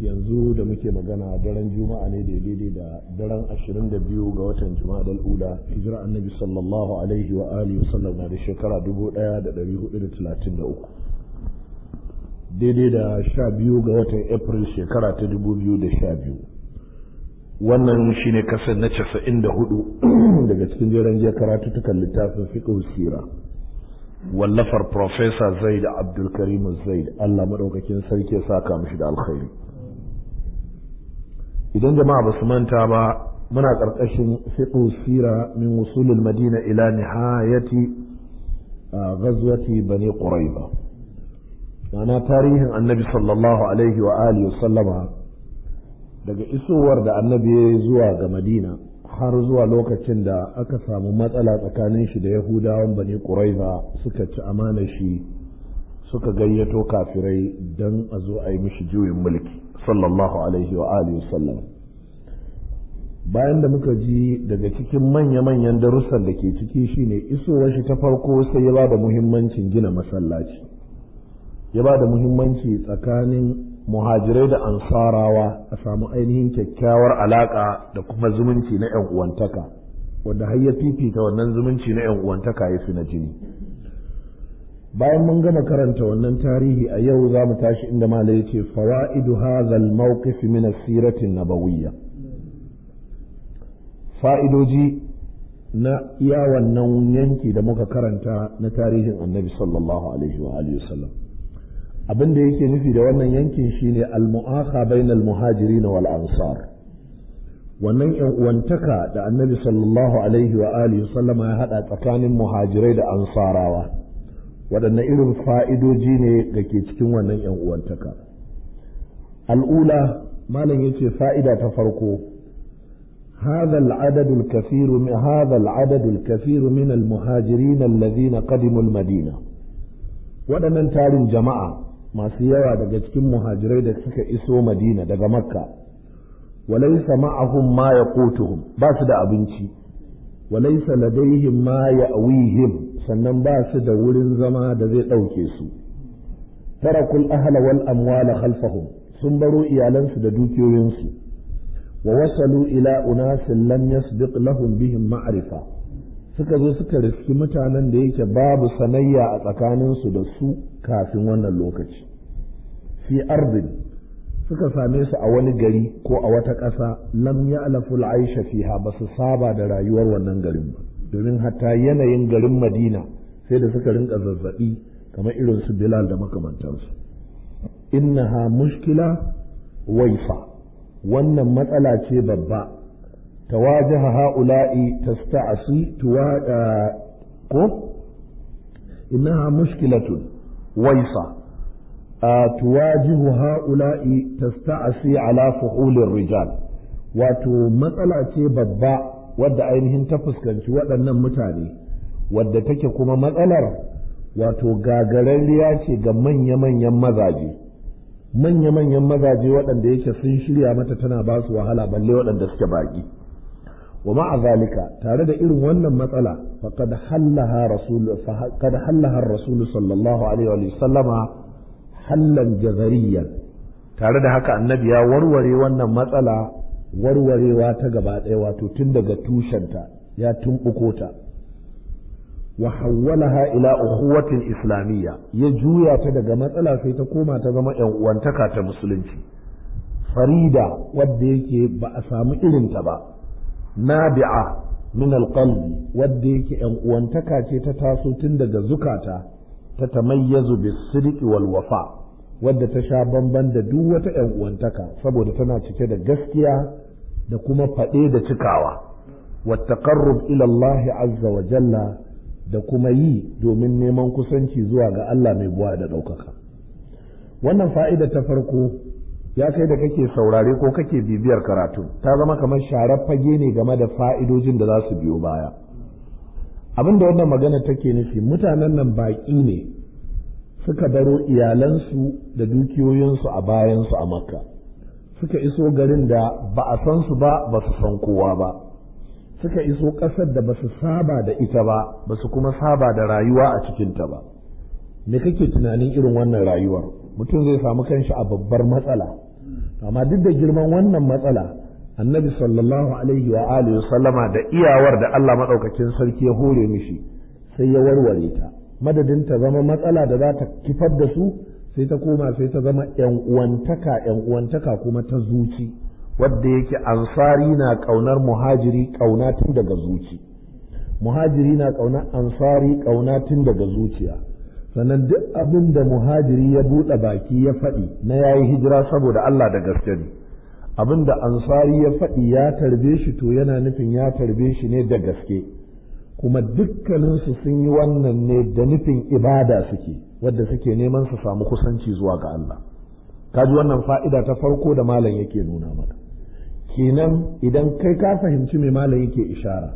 yanzu da muke magana daren juma'a ne daidai da daren 22 ga watan juma'a uda hijira annabi sallallahu alaihi wa alihi wa sallam na da shekara 1433 daidai da 12 ga watan april shekara ta 2012 wannan shine kasar na 94 daga cikin jeren jiya tukan littafin fiqh sira wallafar Profesa Zaid Abdulkarim Zaid Allah maɗaukakin sarki ya saka mishi da alkhairi idan jama'a ba su manta ba muna ƙarƙashin fiɗo sira min wusulul madina ila nihayati ghazwati bani ba ma'ana tarihin annabi sallallahu alaihi wa alihi sallama daga isowar da annabi ya zuwa ga madina har zuwa lokacin da aka samu matsala tsakanin shi da yahudawan bani ba suka ci amana shi suka gayyato kafirai don a zo a yi mishi juyin mulki sallallahu alaihi wa alihi sallam bayan da muka ji daga cikin manya-manyan darussan da ke ciki shine isowar shi ta farko sai ya ba da muhimmancin gina masallaci ya ba da muhimmanci tsakanin muhajirai da ansarawa a samu ainihin kyakkyawar alaƙa da kuma zumunci na 'yan uwantaka wanda har ya fifita wannan zumunci na 'yan uwantaka ya fi na jini bayan mun gama karanta wannan tarihi a yau za mu tashi inda malai ce fawa'idu hazal al-mawqif min as-sirati nabawiyyah fa'idoji na iya wannan yanki da muka karanta na tarihin annabi sallallahu alaihi wa alihi abin da yake nufi da wannan yankin shine al-mu'akha bainal muhajirin wal ansar wannan yan uwantaka da annabi sallallahu alaihi wa alihi ya hada tsakanin muhajirai da ansarawa waɗanne irin fa'idoji ne da ke cikin wannan yan uwantaka al'ula malam yace fa'ida ta farko هذا العدد الكثير من هذا العدد الكثير من المهاجرين الذين waɗannan tarin jama'a masu yawa daga cikin muhajirai da suka iso madina daga makka walaisa ma'ahum ma ya ba su da abinci walaisa ladaihim ma ya awihim sannan ba su da wurin zama da zai ɗauke su tarakul ahla wal amwala khalfahum sun baro iyalansu da dukiyoyinsu wa wasalu ila unasin lam yasbiq lahum bihim ma'rifa suka zo suka riski mutanen da yake babu sanayya a tsakaninsu da su kafin wannan lokaci fi ardin suka same su a wani gari ko a wata ƙasa lam ya'lafu al'aisha fiha ba su saba da rayuwar wannan garin ba domin hatta yanayin garin Madina sai da suka rinka zazzabi kamar irin su Bilal da makamantansu innaha mushkila waifa wannan matsala ce babba tawajaha ha'ula'i tasta'asi tuwa eh, ko innaha mushkilatun waisa eh, tuwajihu ha'ula'i tasta'asi ala fuhulir rijal wato matsala ce babba wadda ainihin ta fuskanci waɗannan mutane wadda take kuma matsalar wato gagararriya ce ga manya-manyan mazaje manya-manyan mazaje waɗanda yake sun shirya mata tana ba su wahala balle waɗanda suke baƙi wa ma'a zalika tare da irin wannan matsala faqad hallaha rasul sallallahu alaihi wa sallama hallan jazariyan tare da haka annabi ya warware wannan matsala warwarewa ta gaba ɗaya wato tun daga tushenta ya tumɓuko ta wa hawwalaha ila ukhuwatin islamiyya ya juya ta daga matsala sai ta koma ta zama yan uwantaka ta musulunci farida wadda yake ba a samu irinta ba nabi'a min alqalbi wadda yake yan uwantaka ce ta taso tun daga zukata ta tamayyazu bis-sidqi wal wafa wadda ta sha bamban da duk wata yan uwantaka saboda tana cike da gaskiya da kuma faɗe da cikawa wa taqarrub ila azza wa jalla da kuma yi domin neman kusanci zuwa ga Allah mai buwa da ɗaukaka. Wannan fa'ida ta farko ya kai da kake saurare ko kake bibiyar karatu ta zama kamar sharar fage ne game da fa'idojin da za su biyo baya. Abin da wannan magana take nufi mutanen nan baƙi ne suka daro iyalansu da dukiyoyinsu a bayansu a makka suka iso garin da ba a san su ba ba su san kowa ba. suka iso ƙasar da basu saba da ita ba basu kuma saba da rayuwa a cikinta ba me kake tunanin irin wannan rayuwar mutum zai samu kanshi a babbar matsala amma duk da girman wannan matsala annabi sallallahu alaihi wa alihi sallama da iyawar da Allah madaukakin sarki ya hore mishi sai ya warware ta madadin ta zama matsala da za ta kifar da su sai ta koma sai ta zama yan uwantaka yan uwantaka kuma ta zuci wadda yake ansari na ƙaunar muhajiri ƙauna tun daga zuci muhajiri na ƙaunar ansari ƙauna tun daga zuciya sannan duk abin da muhajiri ya buɗe baki ya faɗi na yayi hijira saboda Allah da gaske ne abin da ansari ya faɗi ya tarbe shi to yana nufin ya tarbe shi ne da gaske kuma dukkaninsu sun yi wannan ne da nufin ibada suke wadda suke neman su samu kusanci zuwa ga Allah kaji wannan fa'ida ta farko da malam yake nuna mana kenan idan kai ka fahimci mai malam yake ishara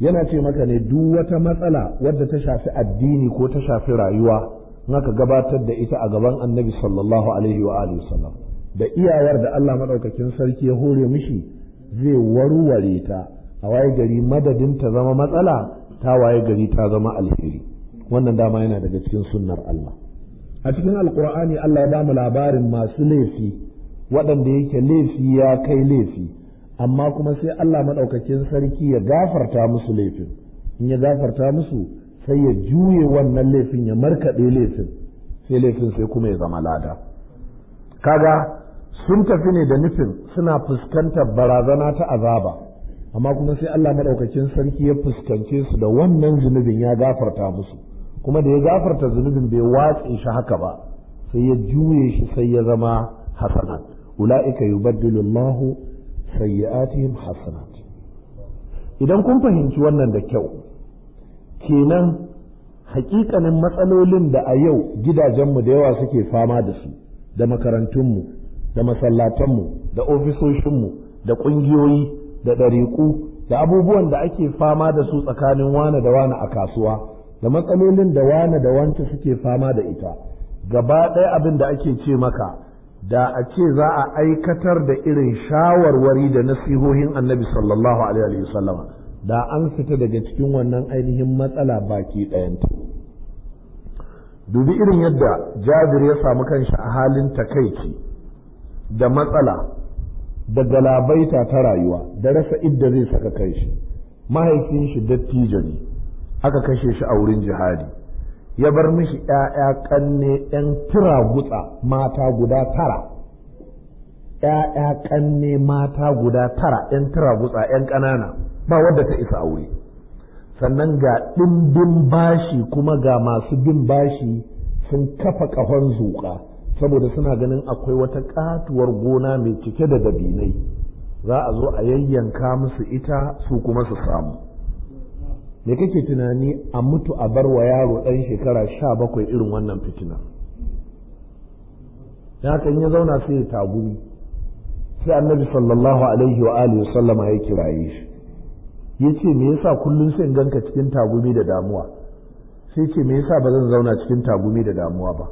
yana ce maka ne duk wata matsala wadda ta shafi addini ko ta shafi rayuwa naka gabatar da ita a gaban annabi sallallahu alaihi wa alihi sallam da iyayar da Allah madaukakin sarki ya hore mishi zai warware ta a waye gari madadin ta zama matsala ta waye gari ta zama alheri wannan dama yana daga cikin sunnar Allah a cikin alqur'ani Allah ya ba mu labarin masu laifi waɗanda yake laifi ya kai laifi amma kuma sai Allah maɗaukakin sarki ya gafarta musu laifin in ya gafarta musu sai ya juye wannan laifin ya markaɗe laifin sai laifin sai kuma ya zama lada kaga sun tafi ne da nufin suna fuskantar barazana ta azaba amma kuma sai Allah maɗaukakin sarki ya fuskance su da wannan zunubin ya gafarta musu kuma da ya gafarta zunubin bai watse shi haka ba sai ya juye shi sai ya zama hasanat ula'ika yubaddilu Allahu sayyi'atihim hasanat idan kun fahimci wannan da kyau kenan hakikanin matsalolin da a yau gidajenmu da yawa suke fama da su da makarantunmu da masallatanmu da ofisoshinmu da ƙungiyoyi da ɗariƙu da abubuwan da ake fama da su tsakanin wane da wane a kasuwa da matsalolin da wane da wanta suke fama da ita gaba ɗaya abin da ake ce maka da a ce za a aikatar da irin shawarwari da nasihohin annabi sallallahu alaihi wasallama da an fita daga cikin wannan ainihin matsala baki ɗayanta dubi irin yadda jabir ya samu kanshi a halin takaici da matsala da galabaita ta rayuwa da rasa idda zai saka kanshi mahaifin shi dattijo ne aka kashe shi a wurin jihadi ya bar mishi ‘ya'ya ƙanne ‘yan tura gutsa mata guda tara, ‘ya'ya ƙanne mata guda tara ‘yan tura gutsa ‘yan ƙanana ba wadda ta isa aure. Sannan ga ɗimbin bashi kuma ga masu bin bashi sun kafa ƙahon zuƙa saboda suna ganin akwai wata ƙatuwar gona mai cike da dabinai za a zo a yayyanka musu ita su kuma su samu. me kake tunani a mutu a bar wa yaro ɗan shekara sha bakwai irin wannan fitina ya kan ya zauna sai ya tagumi sai annabi sallallahu alaihi wa alihi wa sallama ya kiraye shi ya ce me yasa kullum sai in ganka cikin tagumi da damuwa sai ce me yasa ba zan zauna cikin tagumi da damuwa ba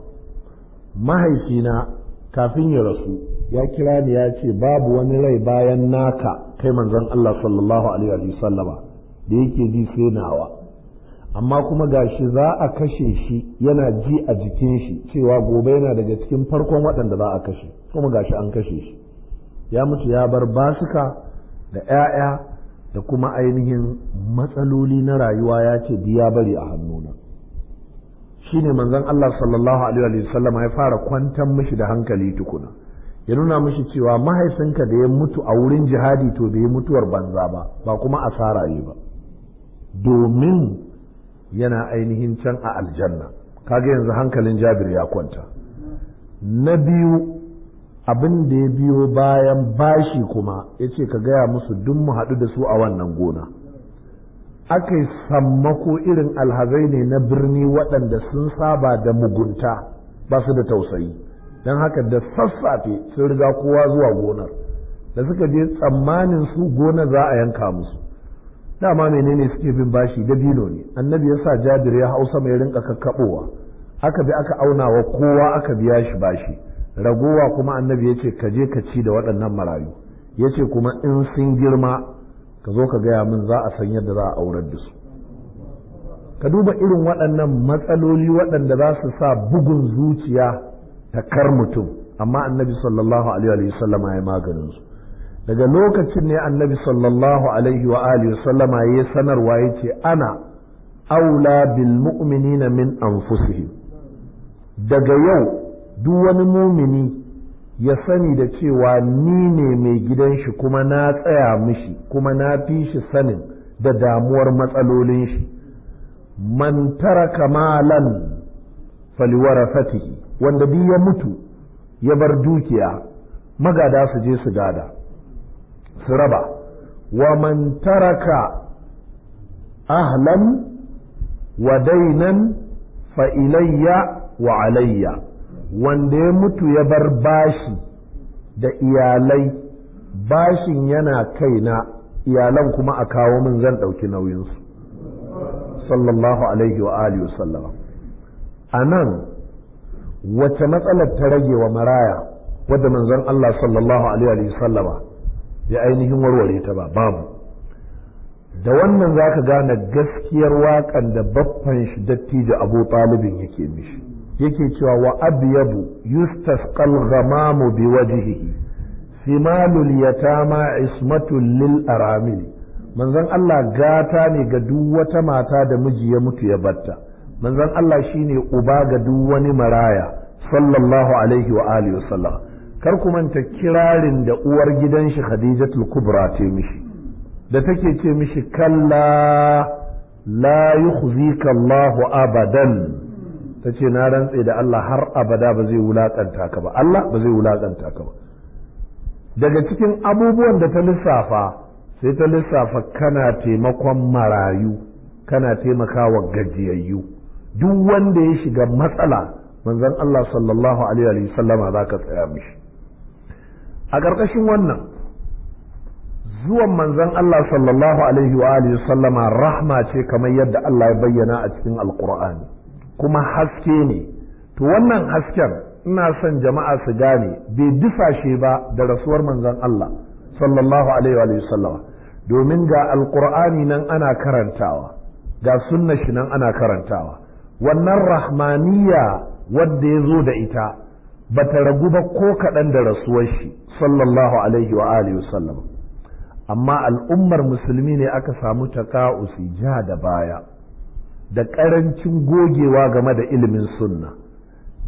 mahaifina kafin ya rasu ya kira ni ya ce babu wani rai bayan naka kai manzon Allah sallallahu alaihi wa sallama da yake ji sai nawa amma kuma gashi za a kashe shi yana ji a jikin shi cewa gobe yana daga cikin farkon waɗanda za a kashe kuma gashi an kashe shi ya mutu ya bar basuka da 'ya'ya da kuma ainihin matsaloli na rayuwa ya ce biya bari a hannuna ne manzan Allah sallallahu alaihi wasallam ya fara kwantar mashi da hankali tukuna ya nuna mashi cewa mahaifinka da ya mutu a wurin jihadi to bai mutuwar banza ba ba kuma asara yi ba domin yana ainihin can a aljanna kaga yanzu hankalin jabir ya kwanta na biyu abin da ya biyo bayan bashi kuma ya ce ka gaya musu duk mu haɗu da su a wannan gona aka yi sammako irin alhazai ne na birni waɗanda sun saba da mugunta ba su da tausayi don haka da sassafe sun riga kowa zuwa gonar da suka je tsammanin su gona za a yanka musu dama menene suke bin bashi dabino ne annabi ya sa jabir ya hausa mai rinka kakkaɓowa aka bi aka auna wa kowa aka biya shi bashi ragowa kuma annabi ya ce ka je ka ci da waɗannan marayu ya ce kuma in sun girma ka zo ka gaya min za a san yadda za a aurar da su ka duba irin waɗannan matsaloli waɗanda za su sa bugun zuciya ta kar mutum amma annabi sallallahu alaihi wa sallam ya maganin su daga lokacin ne annabi sallallahu alaihi wa alihi sallama ya sanarwa ya ce ana aula bil mu'minina min anfusihim daga yau duk wani mumini ya sani da cewa ni ne mai gidan shi kuma na tsaya mishi kuma na fi shi sanin da damuwar matsalolin shi man taraka malan fatihi wanda duk ya mutu ya bar dukiya magada su je su gada su raba wa man taraka ahlan wa dainan fa ilayya wa alayya wanda ya mutu ya bar bashi da iyalai bashin yana kaina iyalan kuma a kawo min zan ɗauki nauyinsu sallallahu alaihi wa alihi wasallama a nan wace matsalar ta rage wa maraya wadda manzon Allah sallallahu alaihi wa sallama ya ainihin warware ta ba babu da wannan za ka gane gaskiyar waƙan da baffan shi dattijo abu talibin yake mishi yake cewa wa abyabu yustasqal ghamamu bi simalul yatama ismatul lil aramil manzon Allah gata ne ga duk wata mata da miji ya mutu ya batta manzon Allah shine uba ga duk wani maraya sallallahu alaihi wa alihi wasallam kar ku manta kirarin da uwar gidan shi Khadijatul Kubra ce mishi da take ce mishi kalla la yukhzika Allah abadan tace na rantse da Allah har abada ba zai wulakanta ka ba Allah ba zai wulakanta ka ba daga cikin abubuwan da ta lissafa sai ta lissafa kana taimakon marayu kana taimakawa gajiyayyu duk wanda ya shiga matsala manzon Allah sallallahu alaihi wa sallama zaka tsaya mishi a ƙarƙashin wannan zuwan manzon Allah sallallahu alaihi wa alihi sallama rahma ce kamar yadda Allah ya bayyana a cikin alkur'ani kuma haske ne to wannan hasken ina son jama'a su gane bai dusashe ba da rasuwar manzon Allah sallallahu alaihi wa alihi sallama domin ga alqur'ani nan ana karantawa ga sunna shi nan ana karantawa wannan rahmaniya wadda ya zo da ita Bata ragu ba ko kaɗan da rasuwar shi sallallahu alaihi wa alihi wasallam amma al'ummar musulmi ne aka samu ta ka'usi, ja da baya da ƙarancin gogewa game da ilimin sunna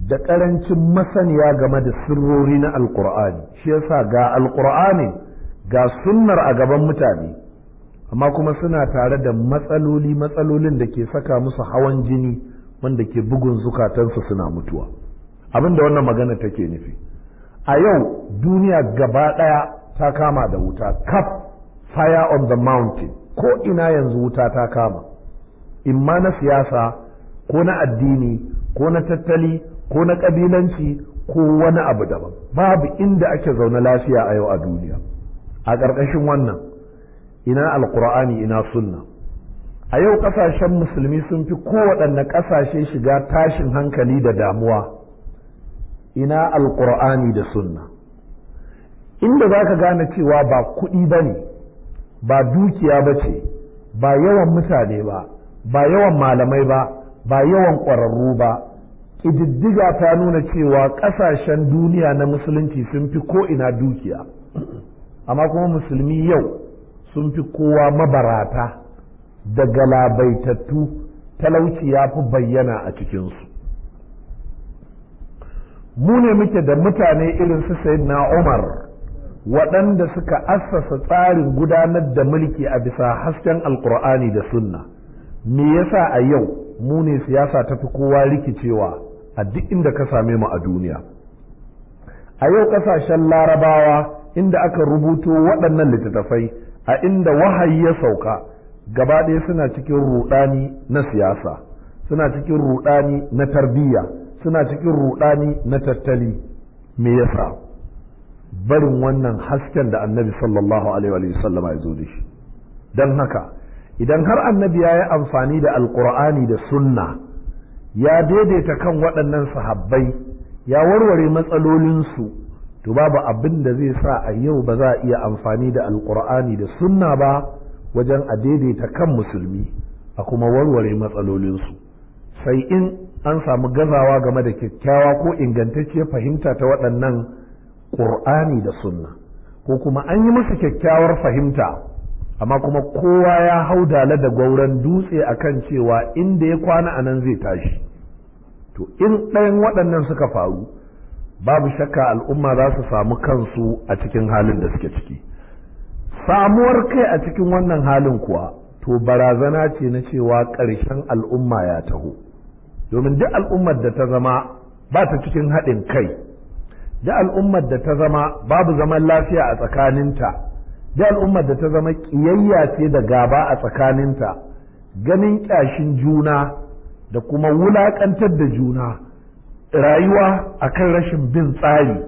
da ƙarancin masaniya game da sirrori na alƙur'ani shi yasa ga alƙur'ani ga sunnar a gaban mutane amma kuma suna tare da matsaloli matsalolin da ke saka musu hawan jini wanda ke bugun zukatansu suna mutuwa abin da wannan magana take nufi a yau duniya gaba ɗaya ta kama da wuta kaf fire on the mountain ko ina yanzu wuta ta kama imma na siyasa ko na addini ko na tattali ko na ƙabilanci ko wani abu daban babu inda ake zaune lafiya a yau a duniya a ƙarƙashin wannan ina alƙur'ani ina sunna a yau ƙasashen musulmi sun fi kowaɗanne ƙasashe shiga tashin hankali da damuwa ina alƙur'ani da sunna inda za ka gane cewa ba kuɗi bane ba dukiya ba ce ba yawan mutane ba ba yawan malamai ba ba yawan ƙwararru ba ƙididdiga ta nuna cewa ƙasashen duniya na musulunci sun fi ko'ina dukiya amma kuma musulmi yau sun fi kowa mabarata da galabaitattu talauci ya fi bayyana a cikinsu mu ne muke da mutane irin su na Umar waɗanda suka assasa tsarin gudanar da mulki a bisa hasken alkur'ani da sunna me yasa a yau mu ne siyasa ta fi kowa rikicewa a duk inda ka same mu a duniya a yau ƙasashen larabawa inda aka rubuto waɗannan littattafai a inda wahayi ya sauka gaba ɗaya suna cikin ruɗani na siyasa suna cikin ruɗani na tarbiyya suna cikin ruɗani na tattali me yasa barin wannan hasken da annabi sallallahu alaihi wa sallama ya zo da shi don haka idan har annabi ya yi amfani da alkur'ani da sunna ya daidaita kan waɗannan sahabbai ya warware matsalolinsu to babu abin da zai sa a yau ba za a iya amfani da alkur'ani da sunna ba wajen a daidaita kan musulmi a kuma warware matsalolinsu sai in an samu gazawa game da kyakkyawa ko ingantacciyar fahimta ta waɗannan ƙur'ani da sunna ko kuma an yi musu kyakkyawar fahimta amma kuma kowa ya hau dala da gwauran dutse akan cewa inda ya kwana a nan zai tashi to in ɗayan waɗannan suka faru babu shakka al'umma za su samu kansu a cikin halin da suke ciki samuwar kai a cikin wannan halin kuwa to barazana ce na cewa ƙarshen al'umma ya taho domin duk al'ummar da ta zama ba ta cikin haɗin kai da al'ummar da ta zama babu zaman lafiya a tsakaninta da al'ummar da ta zama ƙiyayya ce da gaba a tsakaninta ganin ƙyashin juna da kuma wulaƙantar da juna rayuwa a kan rashin bin tsari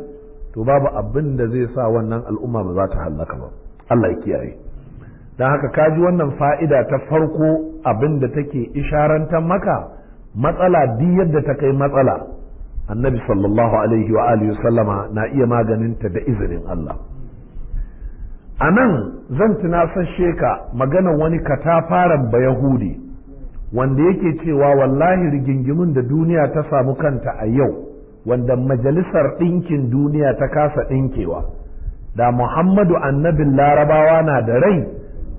to babu abin da zai sa wannan al'umma ba za ta hallaka ba Allah ya kiyaye don haka kaji wannan fa'ida ta farko abin da take isharantar maka matsala duk yadda ta kai matsala annabi sallallahu alaihi wa alihi sallama na iya maganinta da izinin Allah a nan zan tunasashe ka magana wani katafaren ba yahudi wanda yake cewa wallahi rigingimin da duniya ta samu kanta a yau wanda majalisar ɗinkin duniya ta kasa ɗinkewa da muhammadu annabin larabawa na da rai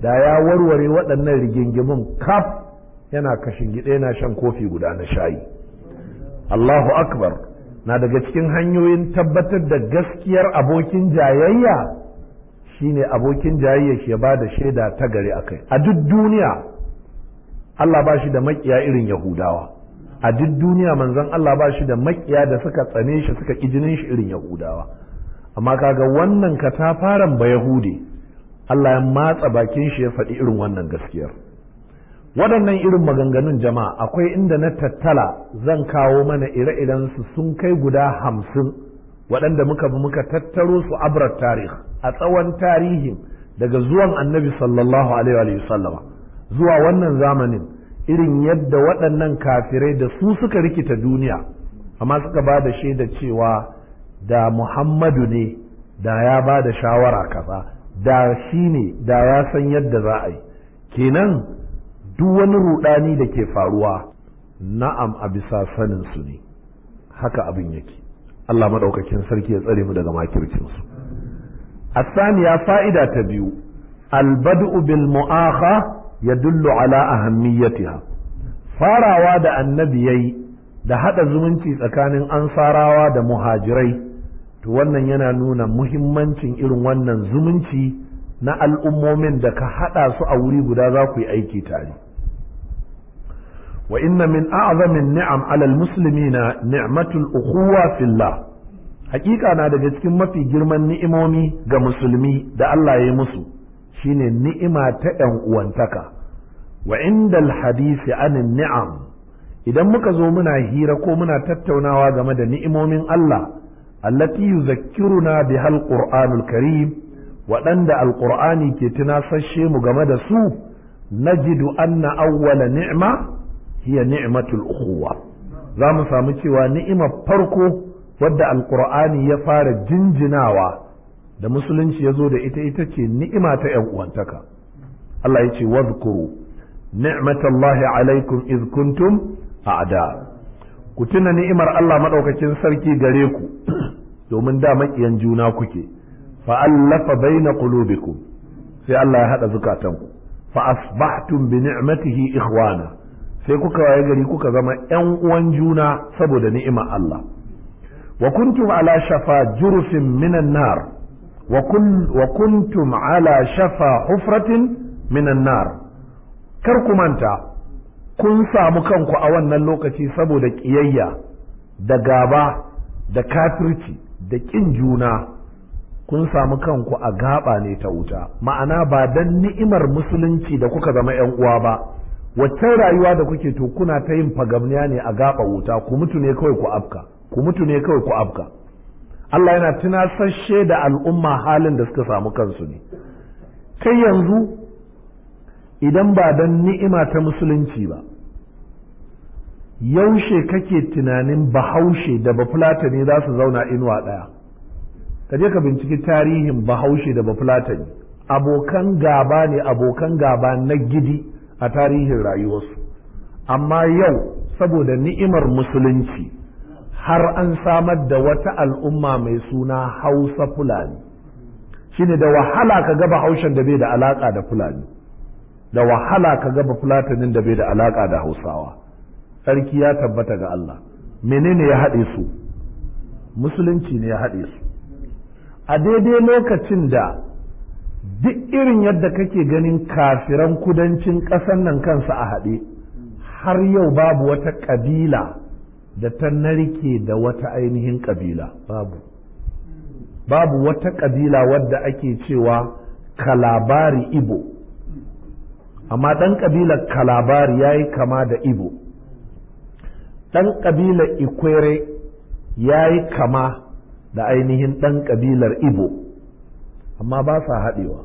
da ya warware waɗannan rigingimin kaf yana kashin gida yana shan kofi guda na shayi Allahu akbar na daga cikin hanyoyin tabbatar da gaskiyar abokin jayayya shine abokin jayayya shi ya ba da shaida ta gari akai a duk duniya Allah ba shi da makiya irin Yahudawa a duk duniya manzon Allah ba shi da makiya da suka tsane shi suka ƙi jinin shi irin Yahudawa amma kaga wannan katafaren ba Yahudi Allah ya matsa bakin shi ya faɗi irin wannan gaskiyar waɗannan irin maganganun jama'a akwai inda na tattala zan kawo mana ire-iren su sun kai guda hamsin waɗanda muka bi muka tattaro su abrar tarih a tsawon tarihin daga zuwan annabi sallallahu alaihi wa sallama zuwa wannan zamanin irin yadda waɗannan kafirai da su suka rikita duniya amma suka ba da shaida cewa da muhammadu ne da ya ba da shawara kaza da shi ne da ya san yadda za a yi kenan duk wani rudani da ke faruwa na'am a bisa sanin su ne haka abin yake Allah madaukakin sarki ya tsare mu daga makircin su asaniya fa'ida ta biyu albad'u bil mu'akha yadullu ala ahammiyatiha farawa da annabi yayi da hada zumunci tsakanin ansarawa da muhajirai to wannan yana nuna muhimmancin irin wannan zumunci na al'ummomin da ka haɗa su a wuri guda za ku yi aiki tare wa inna min a'zamin ni'am alal musulmi na ni'matul ukhuwa fillah hakika na daga cikin mafi girman ni'imomi ga musulmi da Allah ya yi musu shine ni'ima ta ɗan uwantaka wa indal hadisi anin ni'am idan muka zo muna hira ko muna tattaunawa game da ni'imomin Allah allati zakkiru bihal qur'anul karim waɗanda alƙur'ani ke tunasashe mu game da su najidu anna awwala ni'ima. hiya ni'matul ukhuwa za mu samu cewa ni'imar farko wadda alqur'ani ya fara jinjinawa da musulunci ya zo da ita ita ce ni'ima ta yan uwantaka Allah ya ce wadhkuru ni'matallahi alaikum iz kuntum a'da ku tuna ni'imar Allah madaukakin sarki gare ku domin da makiyan juna kuke fa allafa baina qulubikum sai Allah ya hada zukatanku fa asbahtum bi ni'matihi ikhwana sai kuka waye gari kuka zama ƴan uwan juna saboda ni'imar Allah wa kuntum ala shafa jurfin minan nar wa kuntum ala shafa hufratin minan nar kar ku manta kun samu kanku a wannan lokaci saboda ƙiyayya da gaba da kafirci da ƙin juna kun samu kanku a gaba ne ta wuta ma'ana ba dan ni'imar musulunci da kuka zama 'yan uwa ba waccan rayuwa da kuke to kuna ta yin fagamniya ne a gaba wuta ku mutu ne kawai ku afka ku mutu ne kawai ku afka Allah yana tunasashe da al'umma halin da suka samu kansu ne kai yanzu idan ba dan ni'ima ta musulunci ba yaushe kake tunanin bahaushe da bafulatani za su zauna inuwa ɗaya ka je ka binciki tarihin bahaushe da bafulatani abokan gaba ne abokan gaba na gidi a tarihin rayuwarsu amma yau saboda ni'imar musulunci har an samar da wata al'umma mai suna hausa fulani shine da wahala ka gaba haushen da bai da alaka da fulani da wahala ka gaba fulatanin da bai da alaka da hausawa tsarki ya tabbata ga Allah menene ya haɗe su musulunci ne ya haɗe su a daidai lokacin da duk irin yadda kake ganin kafiran kudancin ƙasan nan kansa a haɗe har yau babu wata ƙabila da ta narke da wata ainihin ƙabila babu babu wata ƙabila wadda ake cewa kalabari ibo amma ɗan ƙabilar kalabari ya yi kama da ibo ɗan ƙabilar ikwere ya yi kama da ainihin ɗan ƙabilar ibo amma ba sa haɗewa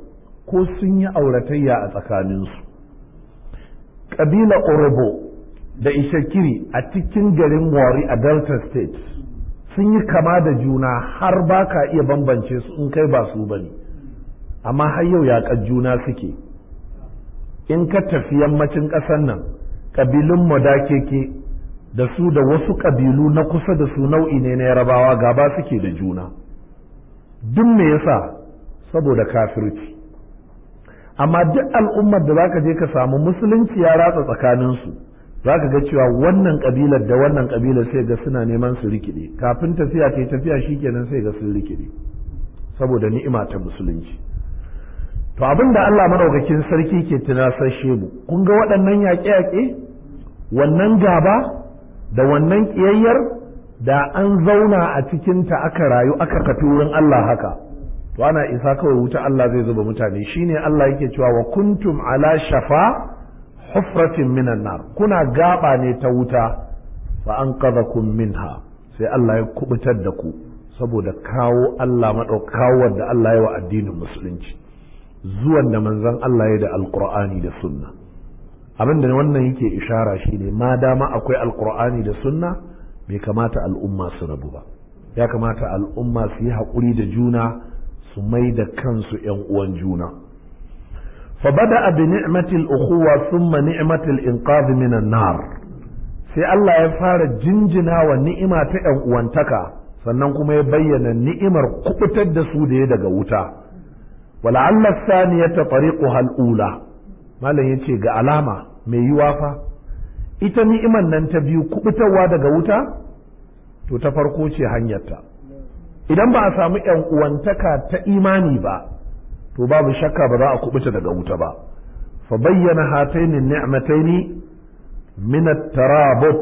ko sun yi auratayya a tsakaninsu ƙabila orobo da ishakiri a cikin garin wari a delta state sun yi kama da juna har ba ka iya bambance su in kai ba su ba ne, amma har yau yaƙar juna suke in ka tafi yammacin ƙasan nan ƙabilun madakeke da su da wasu ƙabilu na kusa da su nau'i ne na yarabawa gaba suke da juna duk me yasa saboda kafirci amma duk al'ummar da zaka je ka samu musulunci ya ratsa tsakaninsu za ka ga cewa wannan kabilar da wannan kabilar sai ga suna neman su rikide kafin tafiya ta tafiya shi shikenan sai ga sun rikide saboda ni'ima ta musulunci to abin da Allah madaukakin sarki ke tunasashe mu kun ga waɗannan yaƙe-yaƙe wannan gaba da wannan ƙiyayyar da an zauna a cikinta aka rayu aka kafi wurin Allah haka to ana isa kawai wuta Allah zai zuba mutane shine Allah yake cewa wa kuntum ala shafa hufratin minan nar kuna gaba ne ta wuta fa anqadhakum minha sai Allah ya kubutar da ku saboda kawo Allah madaukawar da Allah ya wa addinin musulunci zuwan da manzon Allah ya da alqur'ani da sunna abin da wannan yake ishara shine ma dama akwai alqur'ani da sunna bai kamata al'umma su rabu ba ya kamata al'umma su yi haƙuri da juna su mai da kansu ‘yan uwan juna. فبدأ بنعمة الأخوة ثم نعمة الإنقاذ من nar. sai Allah ya fara jinjina wa ni'ima ta ‘yan uwantaka sannan kuma ya bayyana ni'imar kubutar da su da ya daga wuta sani saniya ta fariƙo hal'ula malam ya ce ga alama mai yiwa fa ita ni'iman nan ta biyu kubutarwa daga wuta to ta farko ce hanyarta idan ba a samu ‘yan uwantaka ta imani ba to babu shakka ba za a kubuta daga wuta ba fa bayyana hataini ni'mataini min at-tarabut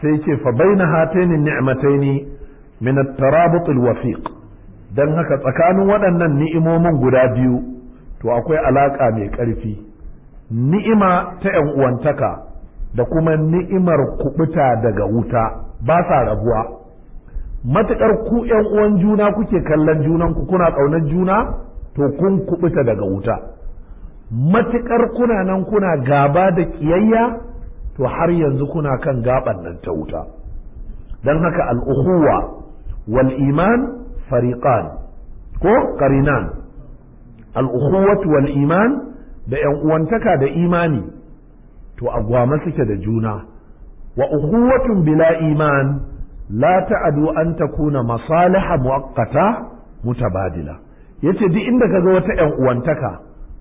sai ce fa bayyana hataini ni'mataini min at-tarabut al-wafiq dan haka tsakanin waɗannan ni'imomin guda biyu to akwai alaƙa mai ƙarfi ni'ima ta ‘yan uwantaka da kuma ni'imar kubuta daga wuta ba sa rabuwa matuƙar ku ƴan uwan juna kuke kallon junanku kuna ƙaunar juna to kun kubuta daga wuta matuƙar kuna nan kuna gaba da ƙiyayya to har yanzu kuna kan gaban nan ta wuta don haka al'uhuwa wal iman fariqan ko qarinan al'uhuwatu wal iman da ƴan uwantaka da imani to agwama suke da juna wa uhuwatun bila iman la ta'adu an takuna masalaha muaqqata mutabadila yace duk inda kaga wata ƴan uwantaka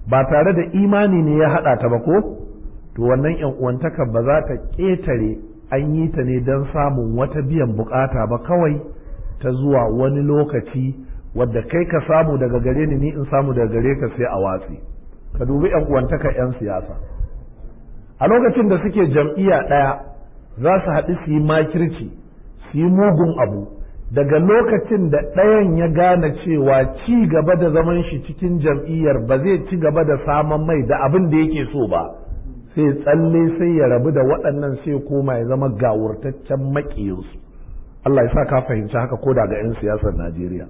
ba tare da imani ne ya haɗa ta ba ko to wannan yan uwantaka ba za ta ƙetare an yi ta ne don samun wata biyan bukata ba kawai ta zuwa wani lokaci wadda kai ka samu daga gare ni ni in samu daga gare ka sai a watsi ka dubi ƴan uwantaka ƴan siyasa a lokacin da suke jam'iyya ɗaya za su haɗu su yi makirci su yi mugun abu daga lokacin da ɗayan ya gane cewa ci gaba da zaman shi cikin jam'iyyar ba zai ci gaba da saman mai da abin da yake so ba sai tsalle sai ya rabu da waɗannan sai koma ya zama gawurtaccen maƙiyinsu Allah ya sa ka fahimci haka ko daga 'yan siyasar Najeriya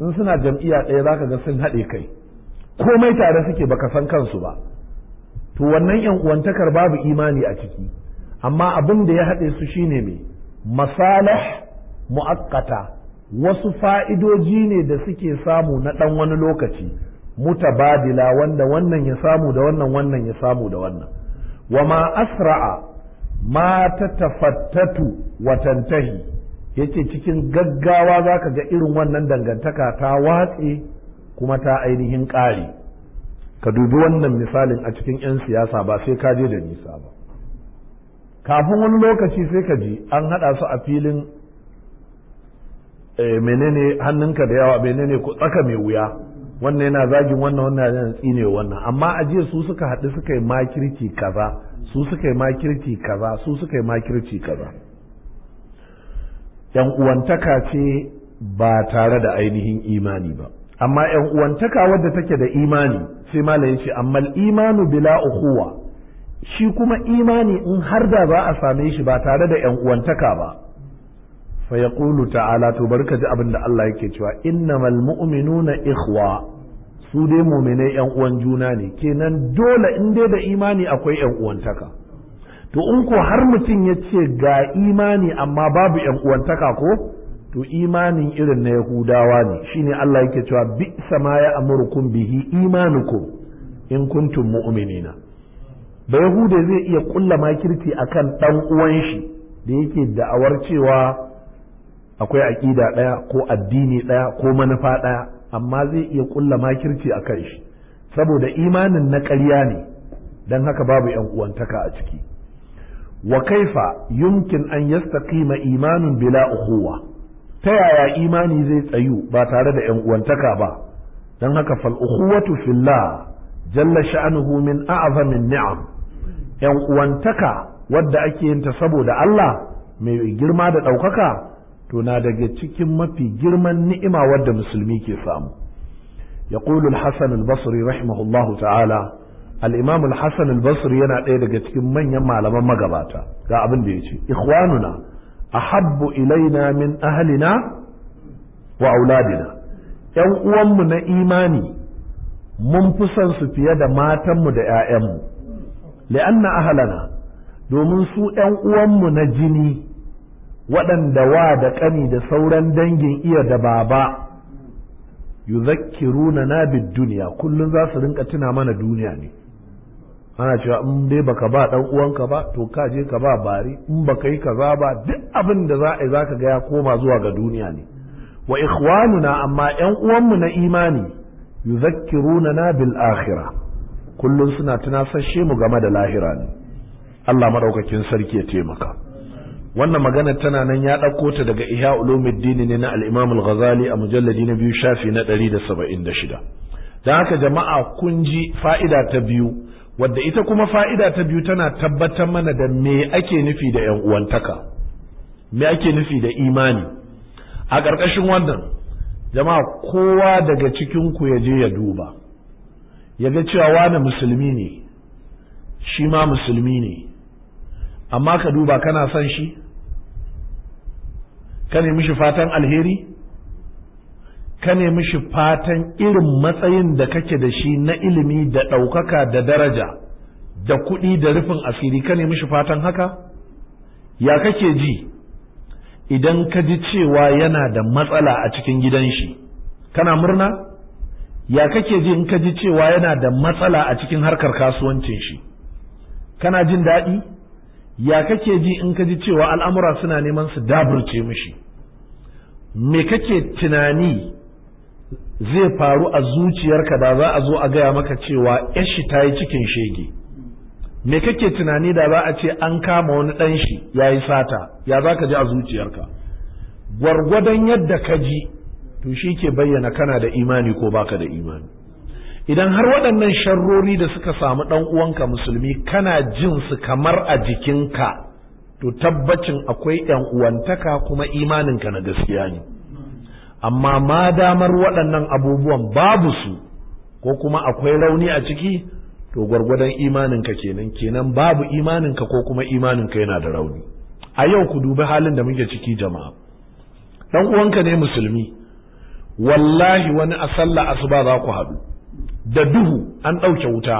in suna jam'iyya ɗaya za ka ga sun haɗe kai komai tare suke baka san kansu ba to wannan 'yan uwantakar babu imani a ciki amma abin da ya haɗe su shine me masalih mu'akkata wasu fa'idoji ne da suke samu na ɗan wani lokaci mutabadila wanda wannan ya samu da wannan wannan ya samu da wannan wa ma asra'a ma ta tafattatu watantahi yace cikin gaggawa za ka ga irin wannan dangantaka ta watse kuma ta ainihin ƙare ka dubi wannan misalin a cikin 'yan siyasa ba sai ka je da nisa ba kafin wani lokaci sai ka ji an haɗa su a filin eh, menene hannunka da yawa menene ko tsaka mai wuya wannan yana zagin wannan wannan yana tsine wannan amma a jiya su suka haɗu suka yi makirci kaza su suka yi makirci kaza su suka yi makirci kaza yan uwantaka ce ba tare da ainihin imani ba amma yan uwantaka wadda take da imani sai malam ce amma imanu bila ukhuwa shi kuma imani in har da za a same shi ba tare da ‘yan uwantaka ba fa ya ta'ala to barka ka ji abin da Allah yake cewa innamal mu'minuna ikhwa su dai mu'minai ‘yan uwan juna ne kenan dole in dai da imani akwai ‘yan uwantaka to in ko har mutum ya ce ga imani amma babu ‘yan uwantaka ko to imanin irin na Yahudawa ne shine Allah yake cewa bi sama ya amurkum bihi imanukum in kuntum mu'minina ba yahude zai iya kulla makirci akan dan uwan shi da yake da'awar cewa akwai aƙida ɗaya ko addini ɗaya ko manufa ɗaya amma zai iya kulla makirci a kan shi saboda imanin na ƙarya ne don haka babu ‘yan uwantaka a ciki wa kaifa yumkin an yastaqima imanun bila uhuwa ta yaya imani zai tsayu ba tare da ‘yan uwantaka ba don haka fal ukhuwatu fillah jalla sha'anuhu min a'zamin ni'am yan uwantaka wadda ake yin ta saboda Allah mai girma da ɗaukaka to na daga cikin mafi girman ni'ima wadda musulmi ke samu yaqulu al-hasan al-basri rahimahullahu ta'ala al al-hasan al-basri yana ɗaya daga cikin manyan malaman magabata ga abin da yace ikhwanuna ahabbu ilaina min ahlina wa auladina ‘yan uwanmu na imani mun fi son su fiye da matanmu da ‘ya'yanmu, li'anna ahlana domin su ‘yan uwanmu na jini waɗanda wa da ƙani da sauran dangin iya da baba yuzakkiruna na bid duniya kullum za su rinka tuna mana duniya ne ana cewa in dai baka ba ɗan'uwanka uwanka ba to ka je ka ba bari in baka yi kaza ba duk abin da za a yi zaka ga ya koma zuwa ga duniya ne wa ikhwanuna amma yan uwanmu na imani yuzakkiruna na bil akhirah kullum suna tunasashe mu game da lahira ne Allah maɗaukakin sarki ya taimaka wannan magana tana nan ya ɗauko ta daga ihya ulumuddin ne na al-imam al-ghazali a mujalladi na biyu shafi na 176 dan haka jama'a kun ji fa'ida ta biyu wadda ita kuma fa'ida ta biyu tana tabbatar mana da me ake nufi da ‘yan uwantaka, me ake nufi da imani. A ƙarƙashin wannan, jama'a kowa daga cikin ku ya je ya duba, ya ga cewa wani musulmi ne shi ma musulmi ne amma ka duba kana son shi ka ne mishi fatan alheri ka ne mishi fatan irin matsayin da kake da shi na ilimi da ɗaukaka da daraja da kuɗi da rufin asiri ka ne mishi fatan haka ya kake ji idan ka ji cewa yana da matsala a cikin gidan shi kana murna ya kake ji in ka ji cewa yana da matsala a cikin harkar kasuwancin shi kana jin daɗi ya kake ji in ka ji cewa al'amura suna neman su daburce mishi me kake tunani zai faru a zuciyarka da za a zo a gaya maka cewa yashi ta yi cikin shege me kake tunani da za a ce an kama wani ɗan shi ya yi sata ya za ka ji a zuciyarka gwargwadon yadda ka ji to shi ke bayyana kana da imani ko baka da imani idan har waɗannan sharrori da suka samu ɗan uwanka musulmi kana jin su kamar a jikinka to tabbacin akwai ‘yan uwantaka kuma imaninka na gaskiya ne amma ma damar waɗannan abubuwan babu su ko kuma akwai rauni a ciki to gwargwadon imaninka kenan kenan babu imaninka ko kuma imaninka yana da rauni a yau ku dubi halin da muke ciki jama'a ɗan uwanka ne musulmi wallahi wani a sallah asuba za ku haɗu da duhu an ɗauke wuta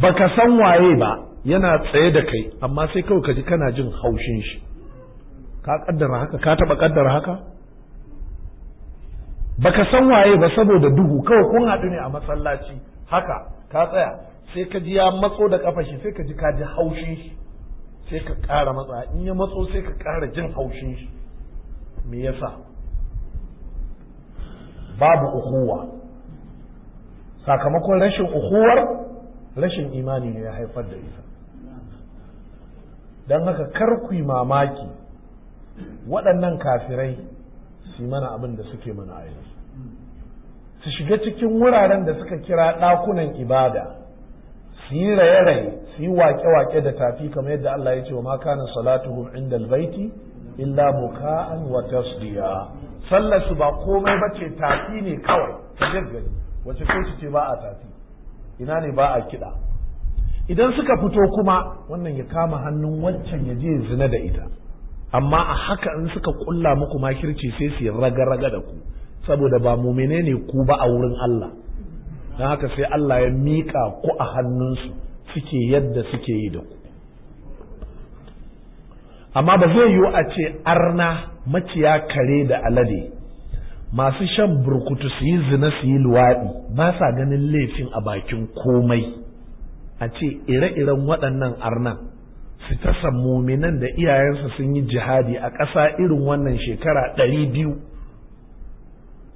baka san waye ba yana tsaye da kai amma sai kawai ka ji kana jin haushin shi ka kaddara haka ka taɓa kaddara haka baka san waye ba saboda duhu kawai kun haɗu ne a masallaci haka ka tsaya sai ka ji ya matso da kafa shi sai ka ji ka ji haushin shi sai ka ƙara matsa in ya matso sai ka ƙara jin haushin shi me yasa babu ukuwa sakamakon rashin ukuwar rashin imani ne ya haifar da ita don haka kar mamaki waɗannan kafirai su mana abin da suke mana a yanzu su shiga cikin wuraren da suka kira ɗakunan ibada su yi raye-raye su yi wake-wake da tafi kamar yadda Allah ya ce wa makanin salatuhum inda albaiti illa buka'an wa tasdiya sallar su ba komai ba ce tafi ne kawai ta gani wace coci ce ba a tafi ina ne ba a kiɗa idan suka fito kuma wannan ya kama hannun wancan ya je zina da ita amma a haka in suka kulla muku makirci sai su raga-raga da ku saboda ba mumene ne ku ba a wurin Allah don haka sai Allah ya miƙa ku a hannunsu suke yadda suke yi da ku amma ba zai yiwu a ce arna maciya kare da alade masu shan burkutu su yi zina su yi luwaɗi ba sa ganin laifin a bakin komai a ce ire-iren waɗannan arnan su ta muminan da iyayensa sun yi jihadi a ƙasa irin wannan shekara ɗari biyu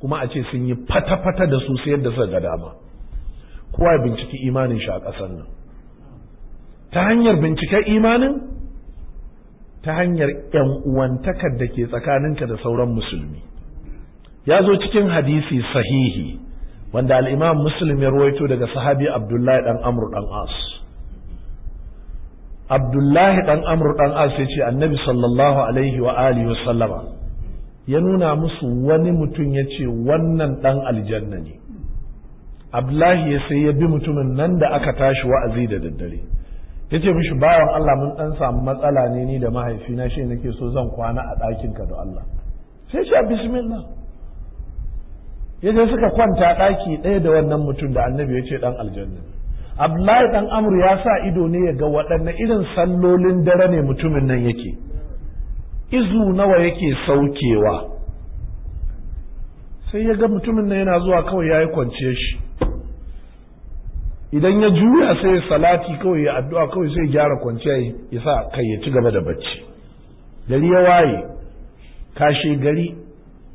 kuma a ce sun yi fata-fata da su sayar da suka ga dama kowa binciki imanin shi a ƙasar nan ta hanyar binciken imanin ta hanyar ‘yan da ke tsakaninka da sauran musulmi. Ya zo cikin hadisi sahihi wanda al'imam musulmi ya ruwaito daga sahabi Abdullahi ɗan Amr ɗan As. Abdullahi ɗan Amr ɗan As ya ce annabi sallallahu alaihi wa alihi wa sallama ya nuna musu wani mutum ya ce wannan ɗan aljanna ne. Abdullahi ya sai ya bi mutumin nan da aka tashi wa'azi da daddare. ya ce mishi bawan Allah mun ɗan samu matsala ne ni da mahaifina shi nake so zan kwana a ɗakinka da Allah sai ce bismillah ya ce suka kwanta ɗaki ɗaya da wannan mutum da annabi ya ce ɗan aljanna Abdullahi ɗan Amru ya sa ido ne ya ga waɗanne irin sallolin dare ne mutumin nan yake izu nawa yake saukewa sai ya ga mutumin nan yana zuwa kawai ya yi kwanciyar shi idan ya juya sai salati kawai ya addu'a kawai sai gyara kwanciya ya sa kai ya ci gaba da bacci gari ya waye kashe gari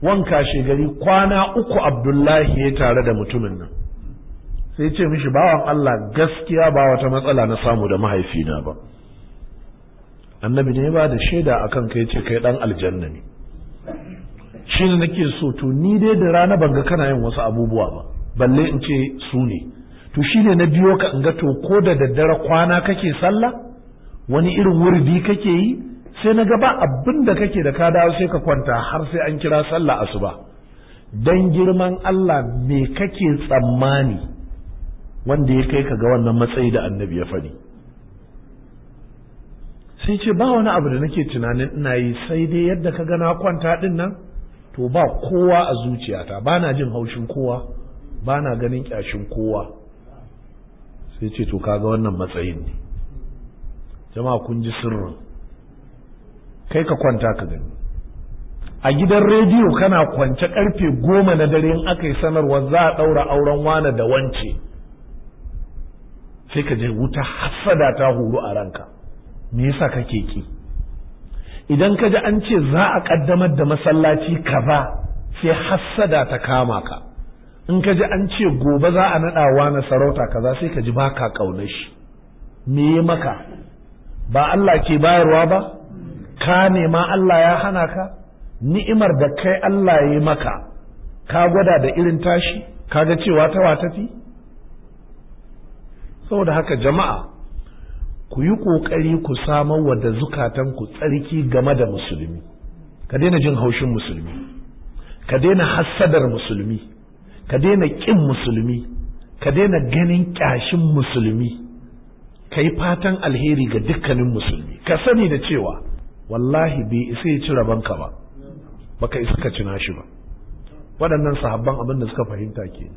wan kashe gari kwana uku abdullahi ya tare da mutumin nan sai ce mishi bawan Allah gaskiya ba wata matsala na samu da mahaifina ba annabi ne ba da shaida akan kai ce kai dan aljanna ne shi ne nake so to ni dai da rana ban ga kana yin wasu abubuwa ba balle in ce su ne to shi ne na biyo ka in ga to ko da daddare kwana kake sallah wani irin wurdi kake yi sai na ga ba abin da kake da ka dawo sai ka kwanta har sai an kira sallah asuba dan girman Allah me kake tsammani wanda ya kai ka ga wannan matsayi da annabi ya faɗi sai ce ba wani abu da nake tunanin ina yi sai dai yadda ka gana kwanta din nan to ba kowa a zuciyata ba na jin haushin kowa ba na ganin kyashin kowa sai ce to kaga wannan matsayin ne jama'a kun ji sirrin kai ka kwanta ka gani a gidan rediyo kana kwance karfe goma na dare in aka yi sanarwa za a ɗaura auren wana da wance sai ka je wuta hasada ta huru a ranka me yasa kake ki idan ka ji an ce za a ƙaddamar da masallaci kaza sai hassada ta kama ka in ka ji an ce gobe za a naɗawa na sarauta kaza sai ka ji ba ka ƙaunar shi me yi maka ba Allah ke bayarwa ba ka nema Allah ya hana ka ni'imar da kai Allah ya yi maka ka gwada da irin tashi ka ga cewa ta fi saboda haka jama'a ku yi ƙoƙari ku samar wa zukatan ku tsarki game da musulmi ka daina jin haushin musulmi ka daina hassadar musulmi ka daina ƙin musulmi ka daina ganin ƙyashin musulmi ka yi fatan alheri ga dukkanin musulmi ka sani da cewa wallahi bai isa ya ci banka ba baka isa ka cina shi ba waɗannan sahabban abin da suka fahimta ke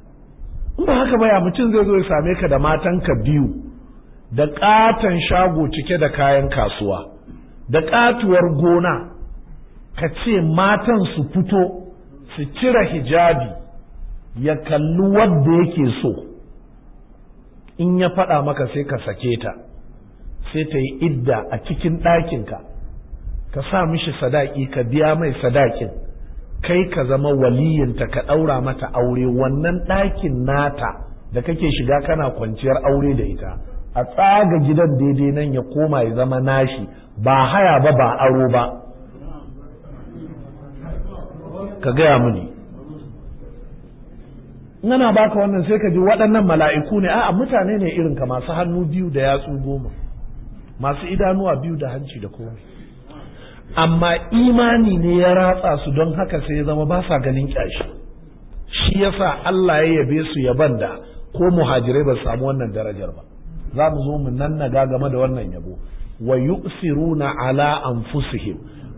in ba haka baya mutum zai zo ya same ka da matanka biyu da ƙaton shago cike da kayan kasuwa da ƙatuwar gona ka ce matan su fito su cire hijabi ya kalli wadda yake so in ya faɗa maka sai ka sake ta sai ta yi idda a cikin ɗakinka ka sa mishi sadaki ka biya mai sadakin kai ka zama waliyinta ka ɗaura mata aure wannan ɗakin nata da kake shiga kana kwanciyar aure da ita a tsaga gidan daidai nan ya koma ya zama nashi ba haya ba ba aro ba ka gaya mini nana baka wannan sai ka ji waɗannan mala'iku ne a'a mutane ne irin ka masu hannu biyu da yatsu goma masu idanuwa biyu da hanci da komai amma imani ne ya ratsa su don haka sai ya zama ba sa ganin kyashi shi yasa Allah ya yabe su yaban da ko muhajirai ba samu wannan darajar ba za mu zo mu nan nannaga game da wannan yabo wa yu'siruna ala anfusihim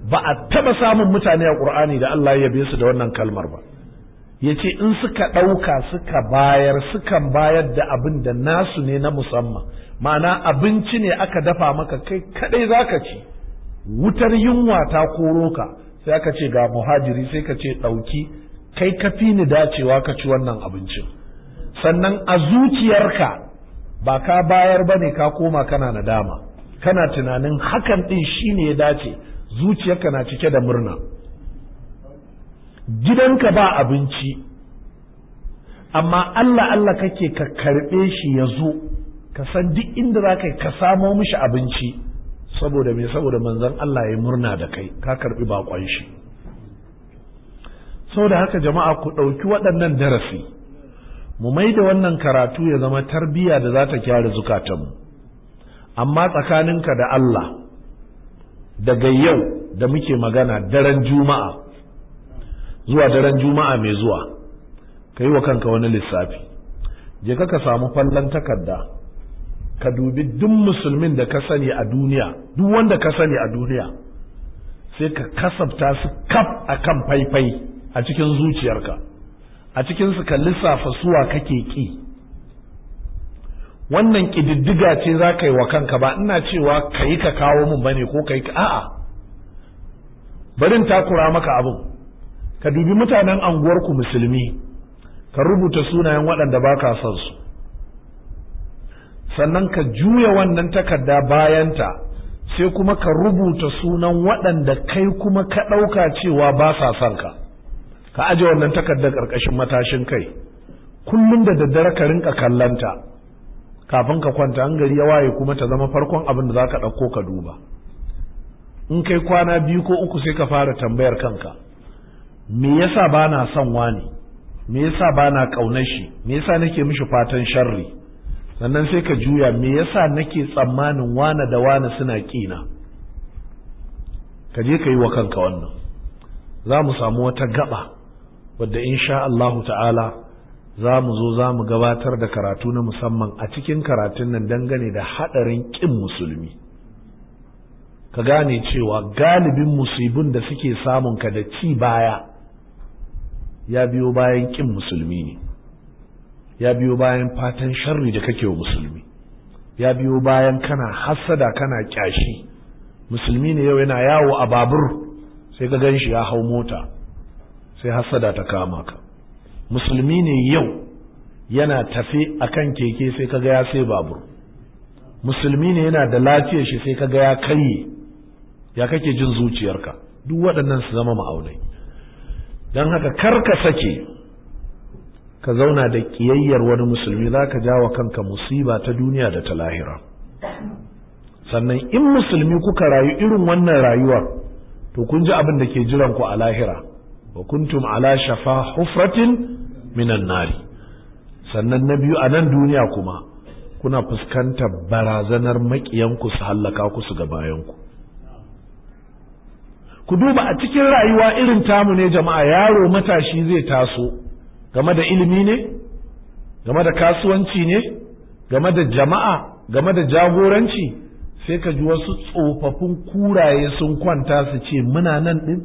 ba a taba samun mutane a Qur'ani da Allah ya yabe su da wannan kalmar ba ya ce in suka ɗauka suka bayar sukan bayar da abin da nasu ne na musamman ma'ana abinci ne aka dafa maka kai kaɗai za ka ci wutar yunwa ta koro ka sai aka ce ga muhajiri sai ka ce ɗauki kai ka fi ni dacewa ka ci wannan abincin sannan a zuciyarka ba ka bayar ba ne ka koma kana nadama kana tunanin hakan ɗin shi ne ya dace zuciyarka na cike da murna gidanka ba abinci amma Allah Allah kake ka karɓe shi ya zo ka san duk inda za ka ka samo mishi abinci saboda me saboda manzon Allah ya murna da kai ka karɓi bakon shi saboda haka jama'a ku ɗauki waɗannan darasi mu mai da wannan karatu ya zama tarbiyya da za ta kyara zukatanmu amma tsakaninka da Allah daga yau da muke magana daren juma'a zuwa daren juma'a mai zuwa ka yi wa kanka wani lissafi je ka samu fallon takarda ka dubi duk musulmin da ka sani a duniya duk wanda ka sani a duniya sai ka kasafta su kaf a kan faifai a cikin zuciyarka a cikinsu ka lissafa suwa kake ki wannan ƙididdiga ce za ka yi wa kanka ba ina cewa ka yi ka kawo mun bane ko ka yi ka a'a barin takura maka abin ka dubi mutanen anguwarku musulmi ka rubuta sunayen waɗanda ba ka son su sannan ka juya wannan takarda bayanta sai kuma ka rubuta sunan waɗanda kai kuma ka ɗauka cewa ba sa son ka ka aje wannan takardar ƙarƙashin matashin kai kullum da daddare ka rinka kallanta kafin ka kwanta an gari ya waye kuma ta zama farkon abin da za ka ɗauko ka duba in kai kwana biyu ko uku sai ka fara tambayar kanka me yasa ba na son wani me yasa ba na ƙaunar shi me yasa nake mishi fatan sharri sannan sai ka juya me yasa nake tsammanin wane da wane suna ƙina ka je ka yi wa kanka wannan za mu samu wata gaba wadda insha Allahu ta'ala za mu zo za mu gabatar da karatu na musamman a cikin karatun nan dangane da haɗarin ƙin musulmi ka gane cewa galibin musibin da suke samun ka da ci baya ya biyo bayan ƙin musulmi ne ya biyo bayan fatan sharri da kake wa musulmi ya biyo bayan kana hassada kana ƙyashi. musulmi ne yau yana yawo a babur sai ka gan ya hau mota sai hassada ta kama ka musulmi ne yau yana tafe a kan keke sai ka ga ya sai babur musulmi ne yana da lafiyar shi sai ka ga ya kai ya kake jin zuciyarka duk waɗannan su zama ma'aunai don haka kar ka sake ka zauna da ƙiyayyar wani musulmi za ka jawa kanka musiba ta duniya da ta lahira sannan in musulmi kuka rayu irin wannan rayuwar to kun ji abin da ke jiran ku a lahira wa kuntum ala shafa hufratin minan nari sannan na biyu a nan duniya kuma kuna fuskantar barazanar maƙiyanku su hallaka ku su ga bayanku ku duba a cikin rayuwa irin tamu ne jama'a yaro matashi zai taso game da ilimi ne game da kasuwanci ne game da jama'a game da jagoranci sai ka ji wasu tsofaffin kuraye sun kwanta su ce muna nan ɗin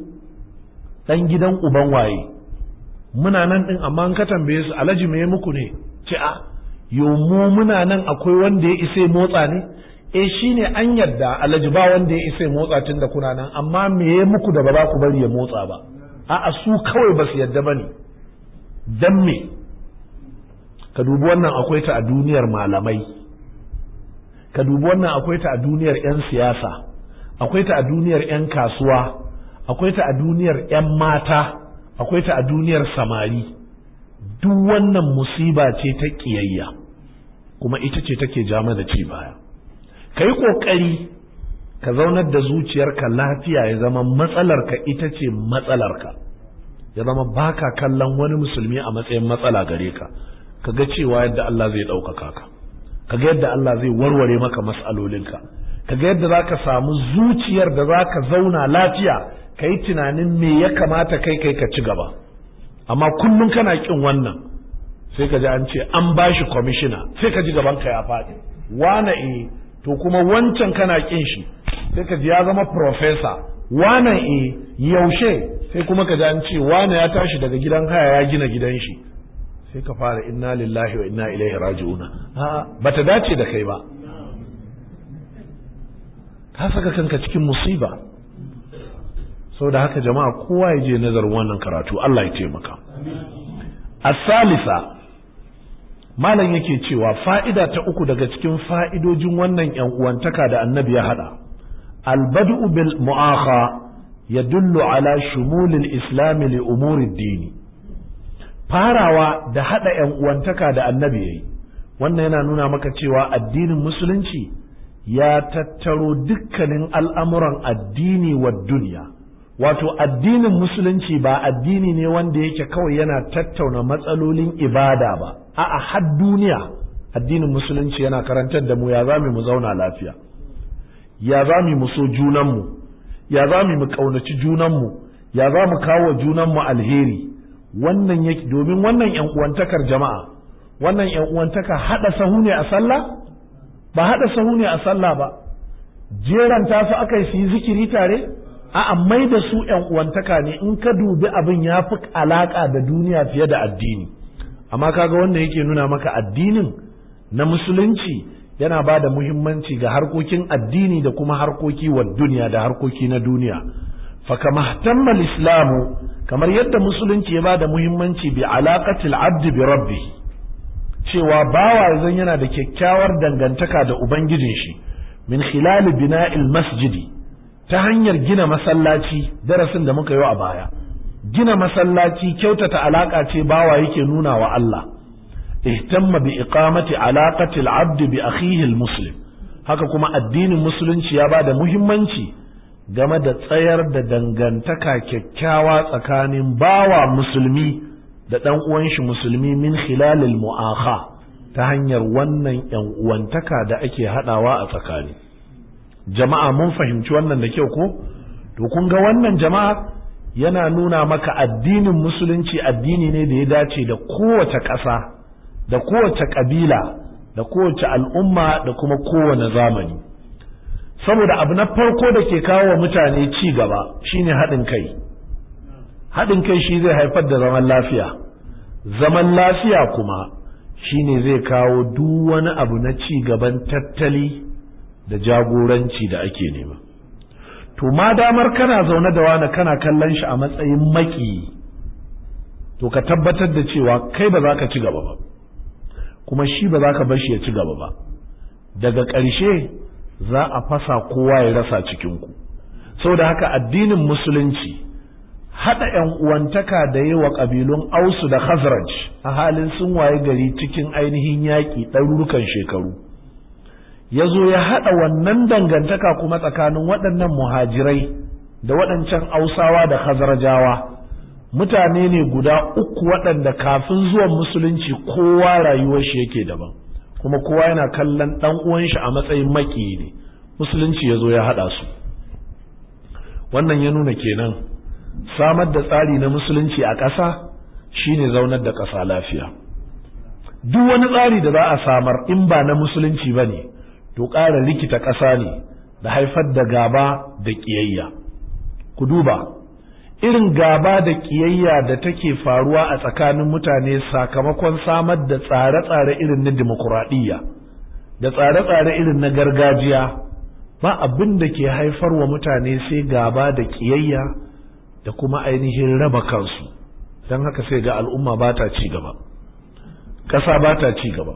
ɗan gidan uban waye muna nan ɗin amma an ka tambaye su alhaji me muku ne ce a yo mu muna nan akwai wanda ya isa motsa ne e shine an yadda alhaji ba wanda ya isa motsa tun da kuna nan amma me ya muku da ba za ku bari ya motsa ba a'a su kawai ba su yadda ne dan me ka dubi wannan akwai ta a duniyar malamai ka dubi wannan akwai ta a duniyar 'yan siyasa akwai ta a duniyar 'yan kasuwa akwai ta a duniyar 'yan mata akwai ta a duniyar samari duk wannan musiba ce ta ƙiyayya kuma ita ce take jama da ci baya ka yi ƙoƙari ka zaunar da zuciyarka lafiya ya zama matsalarka ita ce matsalarka ya zama baka kallon wani musulmi a matsayin matsala gare ka ka ga cewa yadda Allah zai ɗaukaka ka ka ga yadda Allah zai warware maka matsalolinka ka ga yadda za ka samu zuciyar da za ka zauna lafiya ka yi tunanin me ya kamata kai kai ka ci gaba amma kullum kana ƙin wannan sai ka ji an ce an ba shi kwamishina sai ka ji gabanka ya faɗi wane eh, to kuma wancan kana kin shi sai ka ji ya zama professor wannan e eh, yaushe sai kuma ka ji an ce wane ya tashi daga gidan haya ya gina gidan shi sai ka fara inna lillahi wa inna ilaihi raji'una ba bata dace da kai ba ka saka kanka cikin musiba saboda haka jama'a kowa ya je nazar wannan karatu Allah ya taimaka Salisa. malam yake cewa fa'ida ta uku daga cikin fa'idojin wannan ‘yan uwantaka da annabi ya haɗa albadu bil mu'akha ya dullu ala shumulil islami li umurid dini farawa da haɗa ‘yan uwantaka da annabi ya yi wannan yana nuna maka cewa addinin musulunci ya tattaro dukkanin al'amuran addini wa duniya wato addinin musulunci ba addini ne wanda yake kawai yana tattauna matsalolin ibada ba a'a har duniya addinin musulunci yana karantar da mu ya za mu zauna lafiya ya za mu so junanmu ya za mu kaunaci junanmu ya za mu kawo junanmu alheri wannan yake domin wannan yan uwantakar jama'a wannan yan uwantaka hada sahu ne a sallah ba hada sahu ne a sallah ba jeran ta su aka su yi zikiri tare a'a mai da su yan uwantaka ne in ka dubi abin ya fi alaka da duniya fiye da addini amma kaga wanda yake nuna maka addinin na musulunci yana ba da muhimmanci ga harkokin addini da kuma harkoki wa duniya da harkoki na duniya fakamahtamma islamu kamar yadda musulunci ya ba da muhimmanci bi alaqatil abd bi rabbi cewa bawa zan yana da kyakkyawar dangantaka da ubangijin shi min khilali bina'il masjidi ta hanyar gina masallaci darasin da muka yi a baya gina masallaci kyautata alaƙa ce bawa yake nuna wa Allah ihtamma bi iqamati alaqati al-abd bi akhihi al-muslim haka kuma addinin musulunci ya ba da muhimmanci game da tsayar da dangantaka kyakkyawa tsakanin bawa musulmi da dan uwan shi musulmi min khilal al ta hanyar wannan yan uwantaka da ake hadawa a tsakani jama'a mun fahimci wannan da kyau ko to kun ga wannan jama'a yana nuna maka addinin musulunci addini ne da ya dace da kowace ƙasa da kowace ƙabila da kowace al'umma da kuma kowane zamani saboda abu na farko da ke kawo wa mutane ci gaba shine haɗin kai haɗin kai shi zai haifar da zaman lafiya zaman lafiya kuma shine zai kawo duk wani abu na ci gaban tattali da jagoranci da ake nema to ma damar kana zaune da wani kana kallon shi a matsayin maki to ka tabbatar da cewa kai ba za ka ci gaba ba kuma shi ba za ka bar shi ya ci gaba ba daga ƙarshe za a fasa kowa ya rasa cikinku da haka addinin musulunci haɗa ‘yan uwantaka da yi wa ƙabilun ausu da khazraj a halin sun waye gari cikin ainihin yaƙi ɗarurukan shekaru ya zo ya haɗa wannan dangantaka kuma tsakanin waɗannan muhajirai da waɗancan ausawa da khazarjawa mutane ne guda uku waɗanda kafin zuwan musulunci kowa rayuwar shi yake daban kuma kowa yana kallon ɗan uwan shi a matsayin maki ne musulunci ya zo ya haɗa su wannan ya nuna kenan samar da tsari na musulunci a ƙasa shine zaunar da ƙasa lafiya duk wani tsari da za a samar in ba na musulunci ba ne to ƙara likita ƙasa ne da haifar da gaba da ƙiyayya ku duba irin gaba da ƙiyayya da take faruwa a tsakanin mutane sakamakon samar da tsare-tsare irin na dimokuraɗiyya da tsare-tsare irin na gargajiya ba abin da ke haifar wa mutane sai gaba da ƙiyayya da kuma ainihin raba kansu don haka sai ga al'umma ba ta ci gaba ƙasa ba ta ci gaba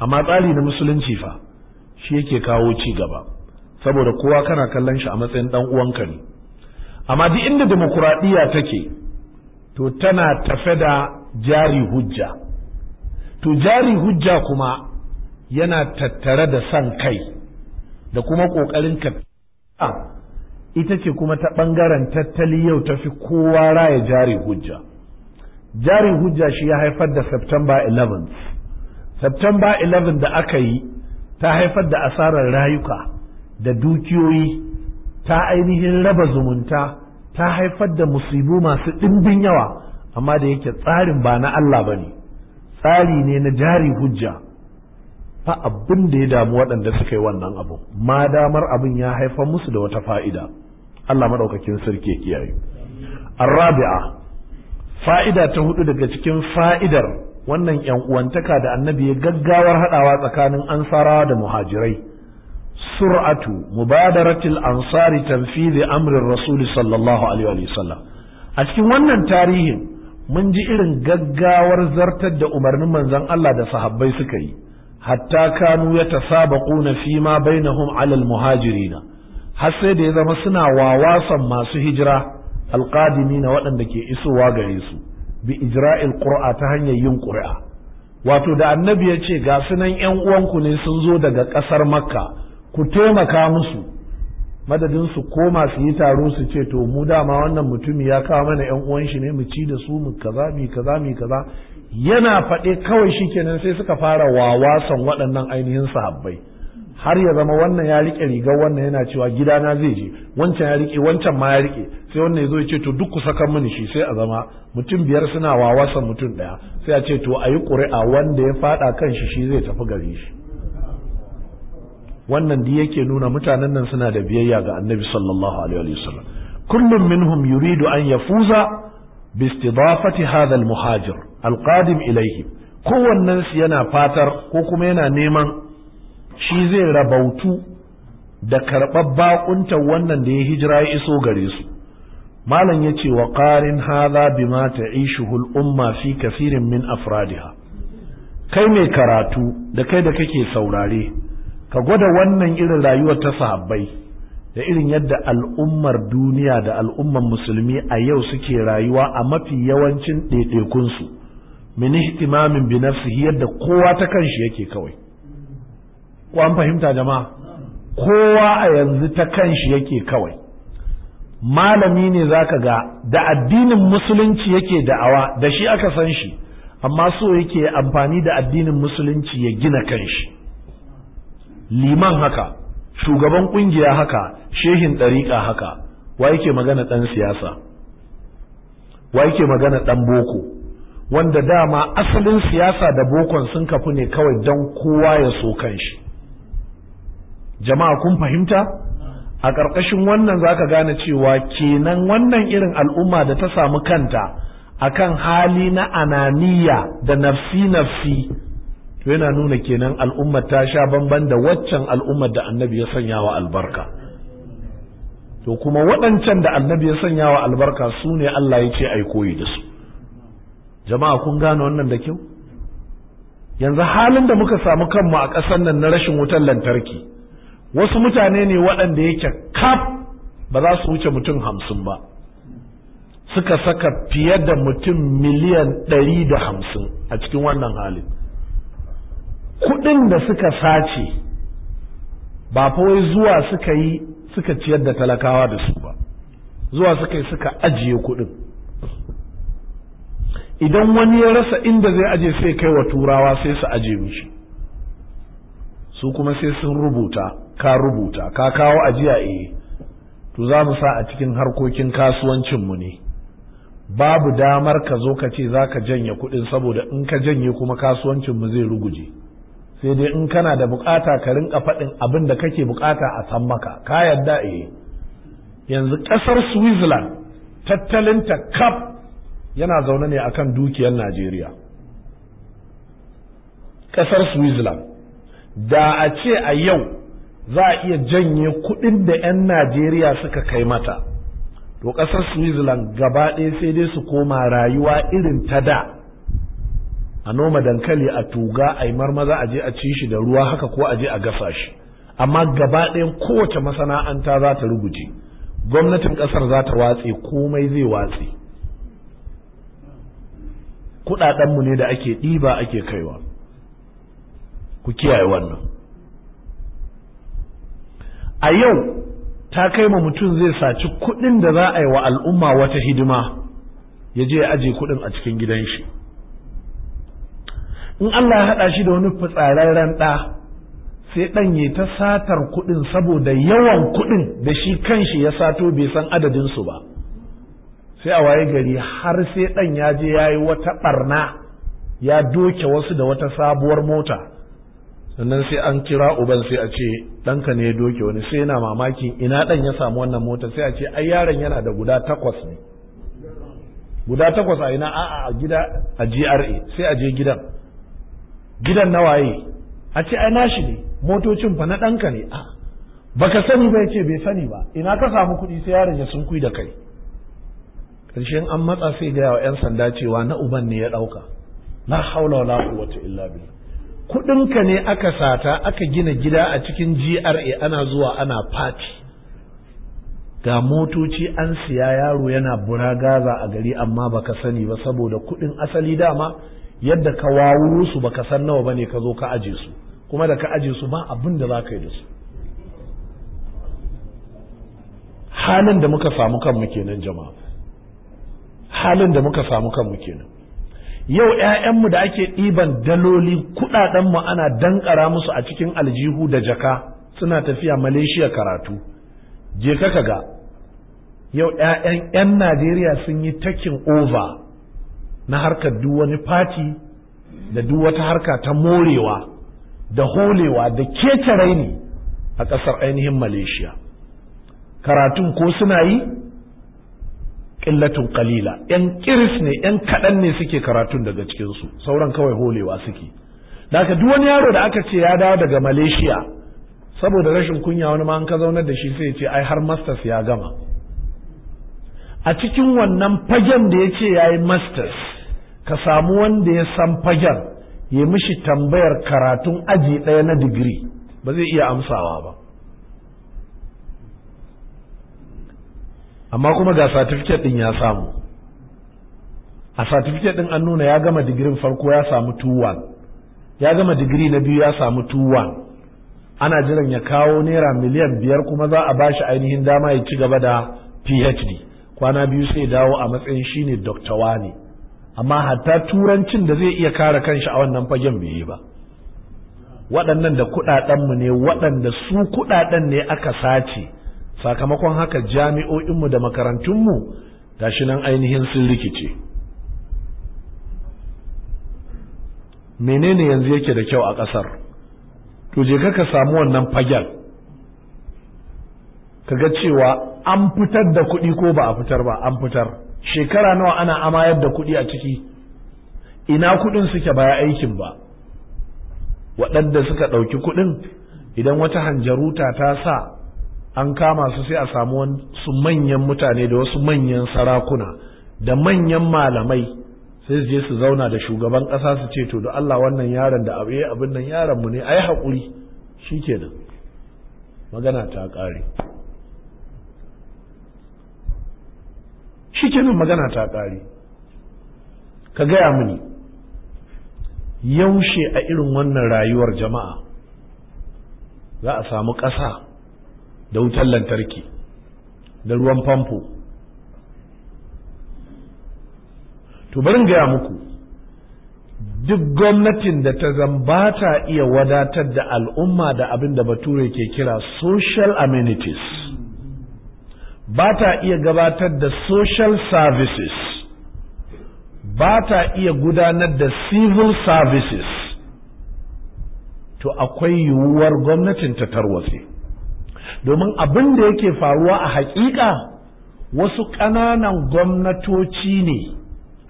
amma tsari na musulunci fa shi yake kawo ci gaba saboda kowa kana kallon shi a matsayin dan uwanka ne amma duk inda demokuraɗiyya take to tana tafe da jari hujja to jari hujja kuma yana tattare da san kai da kuma ƙoƙarin ka ah, ita ce kuma ta ɓangaren tattali yau tafi kowa raya jari hujja jari hujja shi ya haifar da september 11 september 11 da aka yi ta haifar da asarar rayuka da dukiyoyi ta ainihin raba zumunta ta haifar da musibu masu ɗimbin yawa amma da yake tsarin ba na Allah ba ne tsari ne na jari hujja fa abin da ya damu waɗanda suka yi wannan abu ma damar abin ya haifar musu da wata fa'ida Allah maɗaukakin sarki ya kiyaye. Arrabi'a fa'ida ta hudu daga cikin fa'idar wannan yan uwantaka da annabi ya gaggawar haɗawa tsakanin ansarawa da muhajirai sur'atu mubadaratil ansari tanfidhi amrin rasul sallallahu alaihi wa sallam a cikin wannan tarihin mun ji irin gaggawar zartar da umarnin manzon Allah da sahabbai suka yi hatta kanu yatasabaquna fi ma bainahum alal muhajirina har sai da ya zama suna wawasan masu hijira alqadimina waɗanda ke isowa gare su bi ijra'il qur'a ta hanyar yin qur'a wato da annabi ya ce ga sunan yan uwanku ne sun zo daga ƙasar makka ku taimaka musu madadin su koma su yi taro su ce to mu dama wannan mutumi ya kawo mana yan uwan shi ne mu ci da su mu kaza mi kaza mi kaza yana faɗe kawai shikenan sai suka fara wawasan waɗannan ainihin sahabbai har ya zama wannan ya rike rigar wannan yana cewa gidana zai je wancan ya rike wancan ma ya rike sai wannan ya zo ya ce to duk ku saka mini shi sai a zama mutum biyar suna wawasa mutum daya sai a ce to a yi ƙuri'a wanda ya faɗa kan shi shi zai tafi gari shi wannan da yake nuna mutanen nan suna da biyayya ga annabi sallallahu alaihi wa sallam. kullum minhum yuridu an yafuza bi istidafati hadha al muhajir al qadim ilayhi kowannen yana fatar ko kuma yana neman shi zai rabautu da karɓar bakunta wannan da ya hijira ya iso gare su malam ya ce wa ƙarin haza bima ta'ishuhul umma fi kafirin min afradiha kai mai karatu da kai da kake saurare ka gwada wannan irin rayuwar ta sahabbai da irin yadda al'ummar duniya da al'ummar musulmi a yau suke rayuwa a mafi yawancin ɗaiɗaikunsu min ihtimamin bi nafsihi yadda kowa ta kanshi yake kawai ko an fahimta jama'a kowa a yanzu ta kanshi yake kawai malami ne za ka ga da addinin musulunci yake da'awa da shi aka san shi amma so yake amfani da addinin musulunci ya gina kanshi liman haka shugaban kungiya haka shehin ɗariƙa haka wa yake magana ɗan siyasa wa yake magana ɗan boko wanda dama asalin siyasa da bokon sun kafu ne kawai don kowa ya so kanshi jama'a kun fahimta a ƙarƙashin wannan za ka gane cewa kenan wannan irin al'umma da ta samu kanta akan hali na ananiya da nafsi-nafsi to yana nuna kenan al'ummar ta sha bamban da waccan al'ummar da annabi ya sanya wa albarka to kuma waɗancan da annabi ya sanya wa albarka su ne Allah ya ce ai koyi da su jama'a kun gane wannan da kyau yanzu halin da muka samu kanmu a ƙasar nan na rashin wutar lantarki wasu mutane ne waɗanda yake kaf ba za su wuce mutum hamsin ba suka saka fiye da mutum miliyan ɗari da hamsin a cikin wannan halin kuɗin da suka sace ba wai zuwa suka yi suka ciyar da talakawa da su ba zuwa suka yi suka ajiye kuɗin idan wani ya rasa inda zai aje sai kai wa turawa sai su aje mishi su kuma sai sun rubuta ka rubuta ka kawo ajiya eh to za mu sa a cikin harkokin kasuwancinmu ne babu damar ka zo ka ce za ka janye kuɗin saboda in ka janye kuma kasuwancinmu zai ruguje sai dai in kana da bukata ka rinka faɗin abin da kake bukata a san maka ka yadda eh yanzu ƙasar switzerland tattalinta kaf yana zaune ne akan dukiyar najeriya ƙasar switzerland da a ce a yau za a iya janye kuɗin da 'yan najeriya suka kai mata to ƙasar switzerland gaba ɗaya sai dai su koma rayuwa irin ta da a noma dankali a tuga a yi marmaza a je a ci shi da ruwa haka ko a je a gasa shi amma gaba ɗaya kowace masana'anta za ta rubuce gwamnatin ƙasar za ta watse komai zai watse kuɗaɗenmu ne da ake ɗiba ake kaiwa ku kiyaye wannan a yau ta kai ma mutum zai saci kuɗin da za a yi wa al'umma wata hidima ya je ya aje kuɗin a cikin gidan shi in Allah ya haɗa shi da wani fitsararren ɗa sai ɗan ya ta satar kuɗin saboda yawan kuɗin da shi kanshi ya sato bai san adadin su ba sai a waye gari har sai ɗan ya je ya yi wata ɓarna ya doke wasu da wata sabuwar mota sannan sai an kira uban sai a ce ɗanka ne ya doke wani sai yana mamakin ina ɗan ya samu wannan mota sai a ce ai yaron yana da guda takwas ne guda takwas a ina A'a, a gida a GRA sai a je gidan gidan na waye a ce ai nashi ne motocin fa na ɗanka ne a baka sani ba yace bai sani ba ina ka samu kuɗi sai yaron ya sunkui da kai karshen an matsa sai ga wa 'yan sanda cewa na uban ne ya ɗauka Na haula wala quwwata illa billah kudinka ne aka sata aka gina gida a cikin GRA ana zuwa ana fati ga motoci an siya yaro yana bura Gaza a gari amma baka sani ba saboda kudin asali dama yadda ka wawo su baka san nawa bane ka zo ka aje su kuma da ka aje su ba abin da za ka yi da su halin da muka samu kanmu kenan jama'a halin da muka samu kanmu kenan yau ‘ya'yanmu da ake ɗiban daloli kuɗaɗenmu ana dankara musu a cikin aljihu da jaka suna tafiya malaysia karatu je ka ga yau ‘ya'yan ‘yan najeriya sun yi takin over na harkar duk wani fati da duk wata harka ta morewa da holewa da kece ne a ƙasar ainihin malaysia karatun ko suna yi qillatun qalila yan kiris ne yan kaɗan ne suke karatun daga cikin su sauran kawai holewa suke da duk wani yaro da aka ce ya dawo daga malaysia saboda rashin kunya wani ma an ka zaunar da shi sai ce ai har masters ya gama a cikin wannan fagen da ya ce ya yi masters ka samu wanda ya san fagen ya mishi tambayar karatun aji ɗaya na digiri ba zai iya amsawa ba amma kuma ga satifiket ɗin ya samu a satifiket ɗin an nuna ya gama digirin farko ya samu 2-1 ya gama digiri na biyu ya samu 2-1 ana jiran ya kawo naira miliyan biyar kuma za a ba shi ainihin dama ya ci gaba da phd kwana biyu sai dawo a matsayin shine dr wani amma hatta turancin da zai iya kare kanshi a wannan fagen bai yi ba waɗannan da kuɗaɗenmu ne waɗanda su kuɗaɗen ne aka sace sakamakon haka jami'o'inmu da makarantunmu shi nan ainihin sun rikice menene yanzu yake da kyau a ƙasar to je ka samu wannan fagen ka ga cewa an fitar da kuɗi ko ba a fitar ba an fitar shekara nawa ana amayar da kuɗi a ciki ina kuɗin suke baya aikin ba waɗanda suka ɗauki kuɗin idan wata hanjaruta ta sa an kama su sai a samu wasu manyan mutane da wasu manyan sarakuna da manyan malamai sai su je su zauna da shugaban ƙasa su ce to da Allah wannan yaron da abu eh, abin nan yaron mu ne ai hakuri shikenan magana ta kare shikenan magana ta ƙare ka gaya mini yaushe a irin wannan rayuwar jama'a za a samu ƙasa da wutar lantarki da ruwan famfo to bari gaya muku duk gwamnatin da ta zamba ta iya wadatar da al'umma da abin da bature ke kira social amenities ba ta iya gabatar da social services ba ta iya gudanar da civil services to akwai yiwuwar gwamnatin ta tarwatse domin abin da yake faruwa a haƙiƙa wasu ƙananan gwamnatoci ne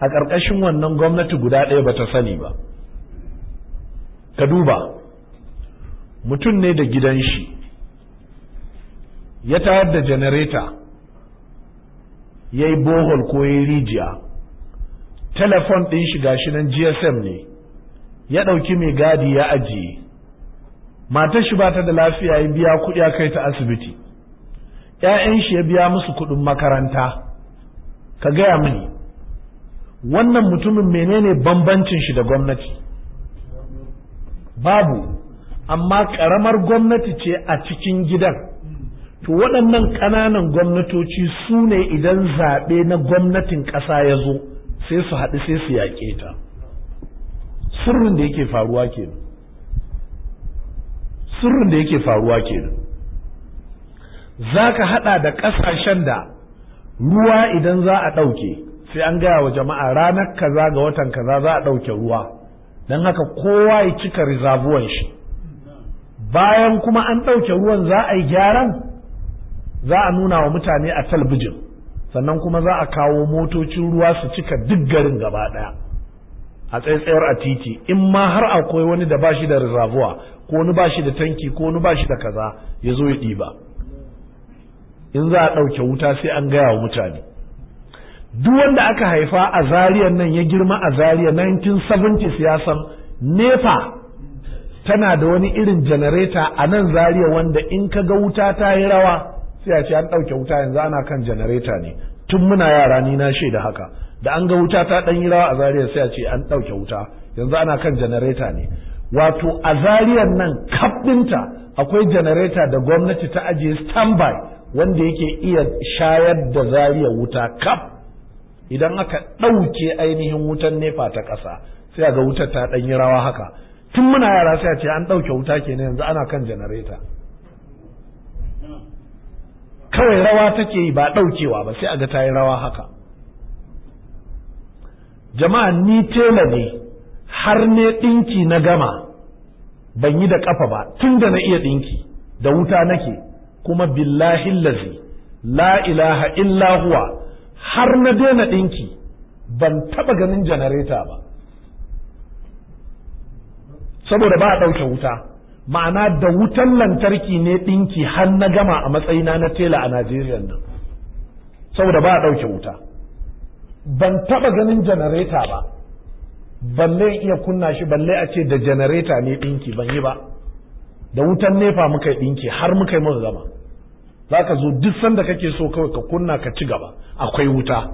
a ƙarƙashin wannan gwamnati guda ɗaya ba ta sani ba ka duba mutum ne da gidan shi ya tayar da janareta ya yi bohol ko ya yi rijiya telefon ɗin shi gashi nan gsm ne ya ɗauki mai gadi ya ajiye matar shi ba ta da lafiya ya biya kuɗi a kai ta asibiti ‘ya'yan shi ya biya musu kuɗin makaranta ka gaya mini wannan mutumin menene bambancin shi da gwamnati babu amma ƙaramar gwamnati ce a cikin gidan to waɗannan ƙananan gwamnatoci su ne idan zaɓe na gwamnatin ƙasa ya zo sai su haɗu sai su yaƙe ta sirrin da yake faruwa kenan sirrin da yake faruwa ke, za ka haɗa da ƙasashen da ruwa idan za a ɗauke sai an gaya wa jama'a ranar kaza ga watan kaza za a ɗauke ruwa don haka kowa ya cika rizabuwan shi bayan kuma an ɗauke ruwan za a yi gyaran za a nuna wa mutane a talbijin sannan kuma za a kawo motocin ruwa su cika duk garin gaba ɗaya. a tsaitsayar a titi in ma har akwai wani da bashi da rizabuwa ko wani bashi da tanki ko wani bashi da kaza ya zo ya ɗiba in za a ɗauke wuta sai an gaya wa mutane duk wanda aka haifa a zariyar nan ya girma a zariya 1970 ya san nefa tana da wani irin janareta a nan zariya wanda in ka ga wuta ta yi rawa sai a ce an ɗauke wuta yanzu ana kan janareta ne tun muna yara ni na shaida haka da an ga wuta ta ɗan yi rawa a zariyar sai a ce an ɗauke wuta yanzu ana kan janareta ne wato a zariyar nan kafinta akwai janareta da gwamnati ta ajiye standby wanda yake iya shayar da zariyar wuta kaf idan aka ɗauke ainihin wutan nefa ta ƙasa sai a ga wutar ta ɗan yi rawa haka tun muna yara sai a ce an ɗauke wuta ne yanzu ana kan janareta kawai rawa take yi ba ɗaukewa ba sai a ga ta yi rawa haka jama'a ni tela ne har ne ɗinki na gama ban yi da ƙafa ba tun da na iya ɗinki da wuta nake kuma billahi lazi la ilaha illa huwa har na daina ɗinki ban taɓa ganin janareta ba saboda ba a ɗauke wuta ma'ana da wutan lantarki ne ɗinki har na gama a matsayina na tela a najeriya nan saboda ba a ɗauke wuta ban taba ganin janareta ba balle iya kunna shi balle a ce da janareta ne ɗinki ban yi ba da wutan nefa muka yi ɗinki har muka yi muka gama za ka zo duk sanda kake so kawai ka kunna ka ci gaba akwai wuta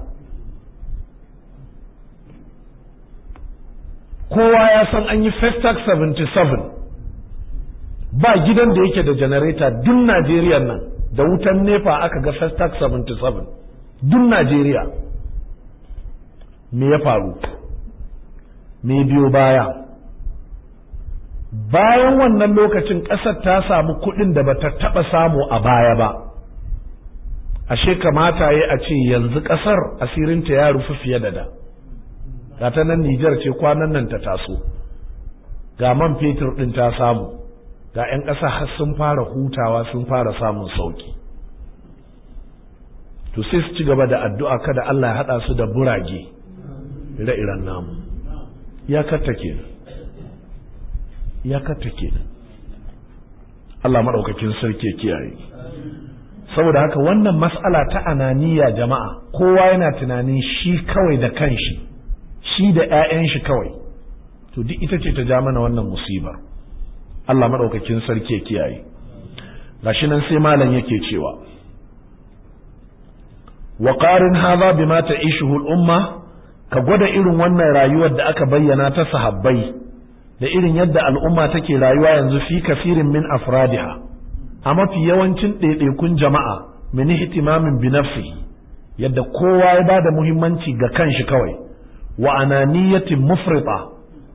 kowa ya san an yi festac 77 ba gidan da yake da janareta duk najeriya nan da wutan nefa aka ga festac 77 duk najeriya me ya faru me biyo baya bayan wannan lokacin ƙasar ta samu kuɗin da bata taɓa samu a baya ba ashe kamata ya a ce yanzu ƙasar asirinta ya rufe fiye da da ga ta nan Nijar ce kwanan nan ta taso ga man fetur ɗin ta samu ga 'yan ƙasa har sun fara hutawa sun fara samun sauki to sai su ci gaba da addu'a kada Allah ya haɗa su da burage ra'iran namu ya katta ke ya katta Allah maɗaukakin sarki ya kiyaye saboda haka wannan mas'ala ta ananiya jama'a kowa yana tunanin shi kawai da kanshi shi da 'ya'yan shi kawai to duk ita ce ta ja mana wannan musiba. Allah maɗaukakin sarki ya kiyaye gashi nan sai malam yake cewa وقارن هذا بما bima الامه ka gwada irin wannan rayuwar da aka bayyana ta sahabbai da irin yadda al'umma take rayuwa yanzu fi kafirin min afradiha a mafi yawancin ɗaiɗaikun jama'a min ihtimamin bi nafsihi yadda kowa ya ba da muhimmanci ga kanshi kawai wa ananiyatin mufrita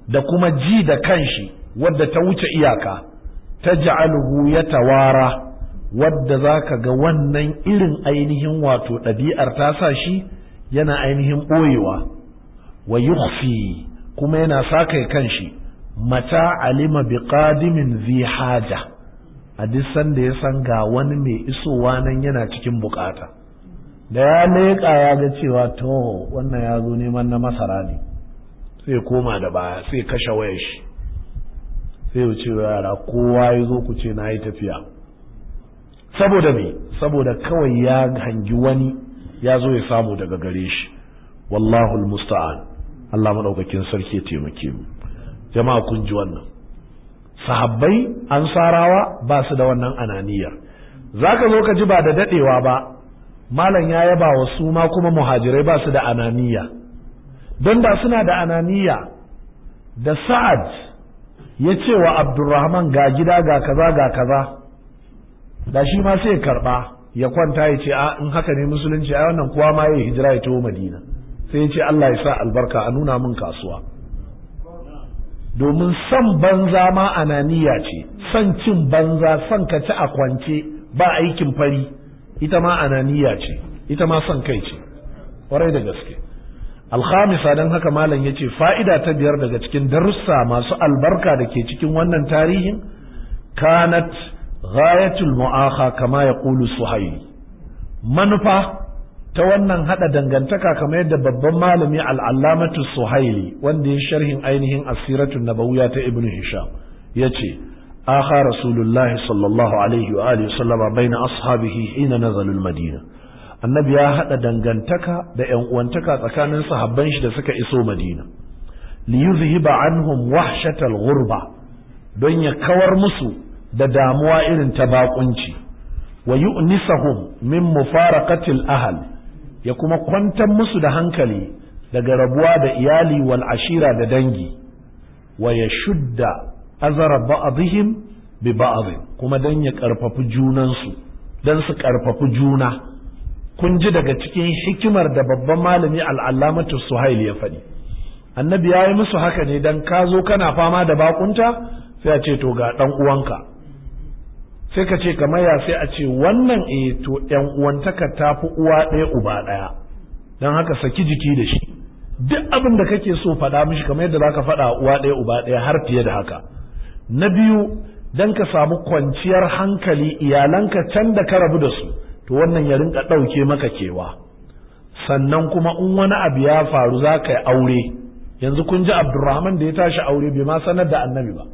da kuma ji da kanshi wadda ta wuce iyaka ta ja'aluhu ya tawara wadda za ka ga wannan irin ainihin wato ɗabi'ar ta sa shi yana ainihin ɓoyewa wa yukhfi kuma yana sa kan shi. mata alima bi qadimin zi haja a duk sanda ya san ga wani mai isowa nan yana cikin bukata da ya leƙa ya ga cewa to wannan ya zo neman na masara ne sai koma da baya sai kashe wayar shi sai ya ce yara kowa ya zo ku ce na yi tafiya saboda me saboda kawai ya hangi wani ya zo ya samu daga gare shi wallahul musta'an Allah maɗaukakin sarki ya taimake mu jama'a kun ji wannan sahabbai ansarawa ba su da wannan ananiyar zaka zo ka ji ba da daɗewa ba malam ya yaba wa su ma kuma muhajirai ba su da ananiya don da suna da ananiya da sa'ad ya ce wa abdurrahman ga gida ga kaza ga kaza da shi ma sai ya karɓa ya kwanta ya ce a in haka ne musulunci a wannan kuwa ma ya hijira ya taho madina sai ya ce Allah ya sa albarka a nuna min kasuwa domin son banza ma ananiya ce son cin banza son ka ci a kwance ba aikin fari ita ma ananiya ce ita ma son kai ce kwarai da gaske alhamisa don haka malam ya ce fa'ida ta biyar daga cikin darussa masu albarka da ke cikin wannan tarihin kanat ghayatul mu'aha kama ya ƙulu su manufa ta wannan hada dangantaka kamar yadda babban malami al'allamatu suhaili wanda ya sharhin ainihin asiratun nabawiya ta ibnu hisham ya ce aha rasulullah sallallahu alaihi wa alihi sallama baina ashabihi hina nazalul madina annabi ya hada dangantaka da yan uwantaka tsakanin sahabban shi da suka iso madina li yuzhiba anhum wahshatal ghurba don ya kawar musu da damuwa irin ta baƙunci wa yu'nisahum min mufaraqatil ahl ya kuma kwantar musu da hankali daga rabuwa da iyali wal ashira da dangi wa ya shudda azara ba'dihim bi ba'd kuma dan ya karfafi junansu dan su karfafi juna kun ji daga cikin hikimar da babban malami al'allamatu suhail ya faɗi annabi ya yi musu haka ne dan ka zo kana fama da bakunta sai ya ce to ga dan uwanka sai ka ce kamar ya sai a ce wannan eh to yan uwantaka ta fi uwa ɗaya uba ɗaya don haka saki jiki da shi duk abin da kake so faɗa mishi kamar yadda zaka faɗa uwa ɗaya uba ɗaya har fiye da haka na biyu dan ka samu kwanciyar hankali iyalanka can da ka rabu da su to wannan ya rinka ɗauke maka kewa sannan kuma in wani abu ya faru za ka yi aure yanzu kun ji abdurrahman da ya tashi aure bai ma sanar da annabi ba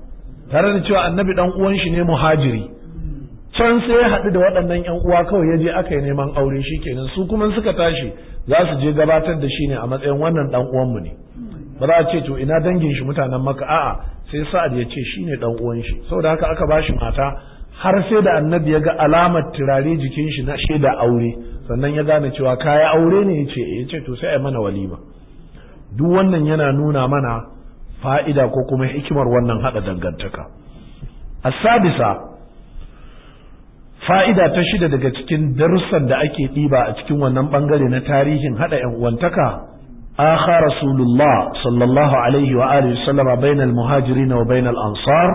tare da cewa annabi ɗan uwan shi ne muhajiri can sai ya haɗu da waɗannan yan uwa kawai ya je aka yi neman aure shi kenan su kuma suka tashi za su je gabatar da shi ne a matsayin wannan ɗan uwanmu ne ba za a ce to ina dangin shi mutanen maka a'a sai sa'ad ya ce shi ne ɗan uwan shi saboda haka aka ba shi mata har sai da annabi ya ga alamar turare jikin shi na shaida aure sannan ya gane cewa kaya aure ne ya ce ya ce to sai a mana walima duk wannan yana nuna mana fa'ida ko kuma hikimar wannan haɗa dangantaka السادسة fa'ida ta shida daga cikin darussan da ake ɗiba a cikin wannan ɓangare na tarihin haɗa ‘yan uwantaka akha rasulullah sallallahu alaihi wa alihi sallama bainal muhajirina wa bainal ansar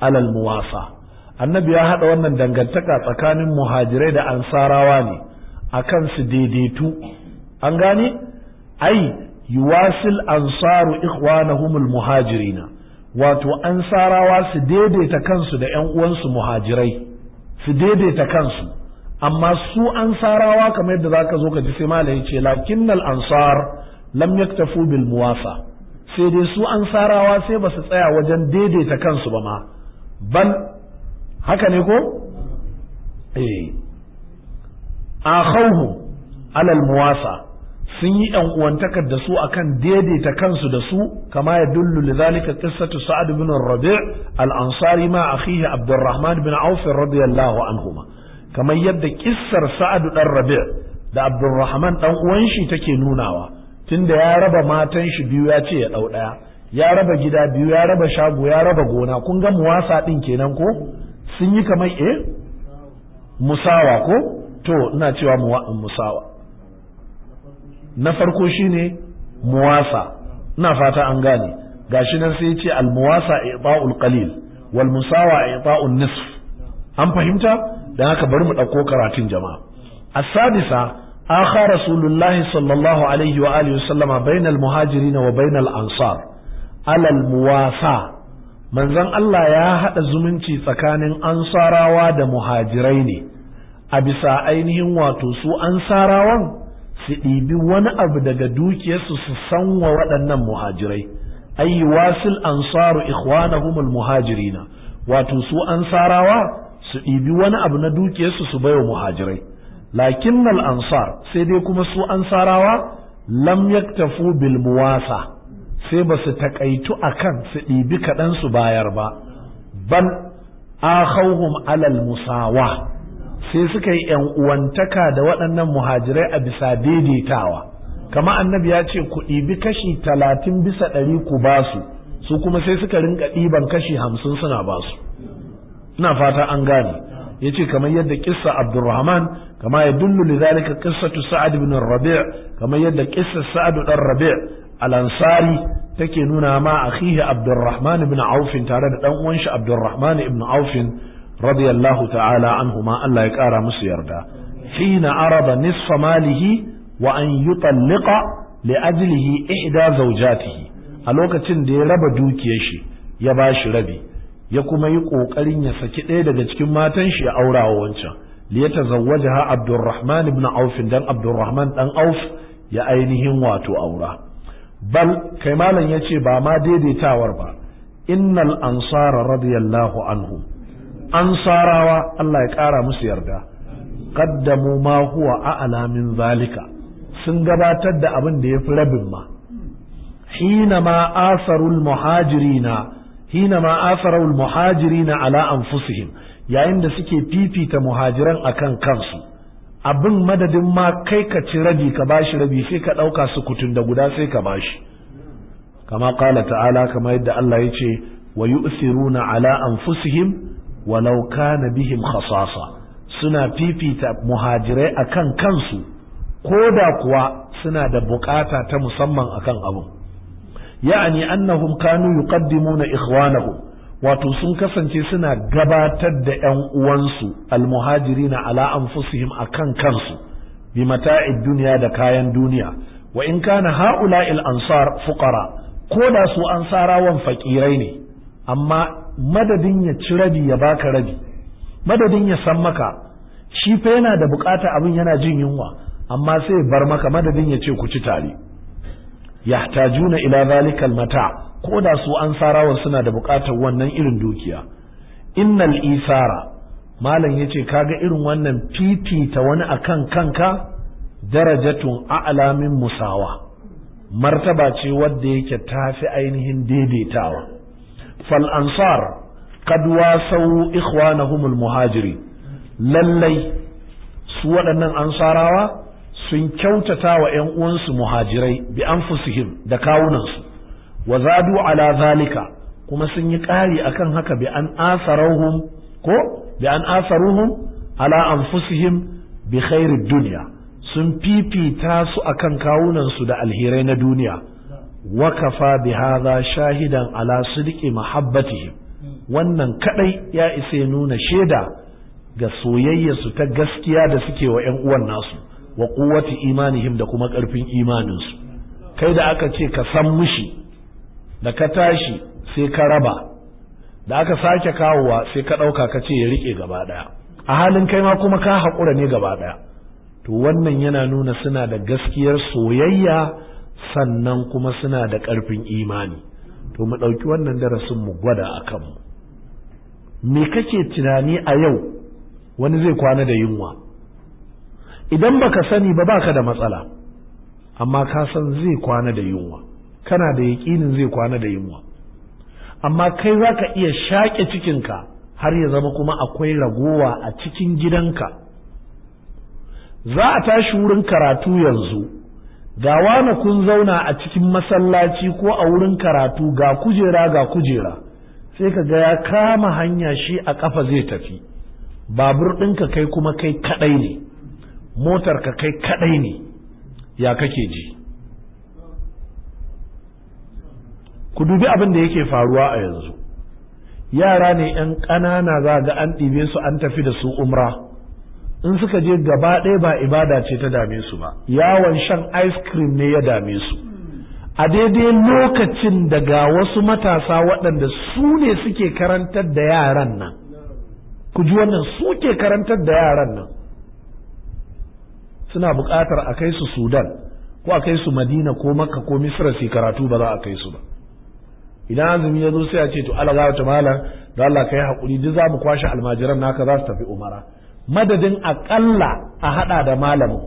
alal muwasa annabi ya haɗa wannan dangantaka tsakanin muhajirai da ansarawa ne akan su daidaitu an gane ai yuwasil ansaru ikhwanahumul muhajirina wato ansarawa su daidaita kansu da ‘yan uwansu muhajirai su daidaita kansu amma su ansarawa kamar yadda zaka zo ka ji sai malai ce lakinnal ansar lam yaktafu bil muwasa sai dai su ansarawa sai ba su tsaya wajen daidaita kansu ba ma bal haka ne ko eh akhawhum alal muwasa sun yi ɗan uwantakar da su akan daidaita kansu da su kama ya dullu lidhalika qissatu sa'ad bin rabi' al-ansari ma akhihi abdurrahman bin auf radiyallahu anhuma kamar yadda kissar sa'ad dan rabi' da abdurrahman dan uwan shi take nunawa tunda ya raba matan shi biyu ya ce ya dau daya ya raba gida biyu ya raba shago ya raba gona kun ga muwasa din kenan ko sun yi kamar eh musawa ko to ina cewa musawa na farko shine muwasa ina fata an gane gashi nan sai ce almuwasa muwasa i'ta'ul qalil wal musawa i'ta'un nisf an fahimta dan haka bari mu dauko karatun jama'a as-sadisa akha rasulullahi sallallahu alaihi wa alihi wasallama bainal muhajirin wa bainal ansar alal muwasa manzon Allah ya haɗa zumunci tsakanin ansarawa da muhajirai ne a bisa ainihin wato su ansarawan su ɗibi wani abu daga dukiyarsu su wa waɗannan muhajirai ayi wasil ansaru ikhwanahumul muhajirina wato su ansarawa su ɗibi wani abu na dukiyarsu su baiwa muhajirai lakin ansar sai dai kuma su ansarawa lam yaktafu bil muwasa sai ba su takaitu akan su ɗibi kaɗan su bayar ba bal akhawhum alal musawa sai suka yi ‘yan uwantaka da waɗannan muhajirai a bisa daidaitawa kama annabi ya ce ku ɗibi kashi talatin bisa ɗari ku ba su su kuma sai suka rinka ɗiban kashi hamsin suna ba su ina fata an gane ya ce kamar yadda kissa abdurrahman kama ya dullu da zalika tu sa'ad bin rabi' kamar yadda kissa Sa'adu ɗan rabi' Alansari, ansari take nuna ma akhihi abdurrahman bin Aufin tare da ɗan uwan shi abdurrahman ibn Aufin. radiyallahu ta'ala anhuma Allah ya kara musu yarda hina araba nisfa malihi wa an yutalliqa li ajlihi ihda zaujatihi. a lokacin da ya raba dukiyar shi ya bashi rabi ya kuma yi ƙoƙarin ya saki ɗaya daga cikin matan shi ya aura wa wancan li yatazawwajaha Abdulrahman ibn Auf dan Abdulrahman dan Auf ya ainihin wato aura bal kai malam yace ba ma daidaitawar ba innal ansara radiyallahu anhu. ansarawa Allah ya ƙara musu yarda qaddamu ma huwa a'la min zalika sun gabatar da abin da yafi rabin ma hina ma asarul muhajirina hina ma asarul muhajirina ala anfusihim yayin da suke fifita muhajiran akan kansu abin madadin ma kai ka ci rabi ka bashi rabi sai ka ɗauka su kutun da guda sai ka bashi kama kala ta'ala kama yadda Allah ya ce wa yu'siruna ala anfusihim walau kana bihim khasasa suna fifita muhajirai akan kansu ko da kuwa suna da bukata ta musamman akan abin ya'ani annahum kanu yuqaddimuna ikhwanahum wato sun kasance suna gabatar da 'yan uwansu almuhajirina ala anfusihim akan kansu bi mata'id duniya da kayan duniya wa in kana ha'ula'il ansar fuqara ko da su ansarawan fakirai ne amma madadin ya ci rabi ya baka rabi madadin ya san maka shi fa yana da bukata abin yana jin yunwa amma sai ya bar maka madadin ya ce ku ci tare yahtajuna ila zalikal mata ko da su an sarawa suna da bukatar wannan irin dukiya innal isara malam yace kaga irin wannan fifita wani akan kanka darajatun a'lamin musawa martaba ce wadda yake tafi ainihin daidaitawa fal ansar kad wasau humul muhajiri lallai su waɗannan ansarawa sun kyautata wa ‘yan uwansu muhajirai bi fusihim, da kawunansu wa zadu ala zalika kuma sun yi ƙari akan haka bi an asaruhum ko bi an asaruhum ala anfusihim bi duniya sun fifita su akan kawunansu da alherai na duniya وكفى بهذا شاهدا shahidan ala sidqi wannan kadai ya isa nuna shaida ga soyayya su ta gaskiya da suke wa 'yan uwan nasu wa quwwati imanihim da kuma ƙarfin imaninsu. kai da aka ce ka san mushi da ka tashi sai ka raba da aka sake kawowa sai ka ɗauka ka ce ya riƙe gaba ɗaya a halin kai ma kuma ka haƙura ne gaba ɗaya to wannan yana nuna suna da gaskiyar soyayya sannan kuma suna da ƙarfin imani to mu ɗauki wannan darasin mu gwada a kanmu me kake tunani a yau wani zai kwana da yunwa idan baka sani ba baka da matsala amma ka san zai kwana da yunwa kana da yaƙinin zai kwana da yunwa amma kai za ka iya shaƙe cikinka har ya zama kuma akwai ragowa a cikin gidanka za a tashi wurin karatu yanzu ga wani kun zauna a cikin masallaci ko a wurin karatu ga kujera ga kujera sai ka ga ya kama hanya shi a ƙafa zai tafi babur ɗinka kai kuma kai kaɗai ne motar ka kai kaɗai ne ya kake ji ku dubi abin da yake faruwa a yanzu yara ne 'yan ƙanana za ga an ɗibe su an tafi da su umra in suka je gaba ɗaya ba ibada ce ta dame su ba yawon shan ice cream ne ya dame su a daidai lokacin daga wasu matasa waɗanda su ne suke karantar da yaran nan ku ji wannan suke karantar da yaran nan suna buƙatar a kai su sudan ko a kai su madina ko makka ko misra su karatu ba za a kai su ba idan azumi ya zo sai a ce to Allah za ta mala da Allah ka yi haƙuri duk za mu kwashe almajiran naka za su tafi umara madadin aƙalla a haɗa da malamu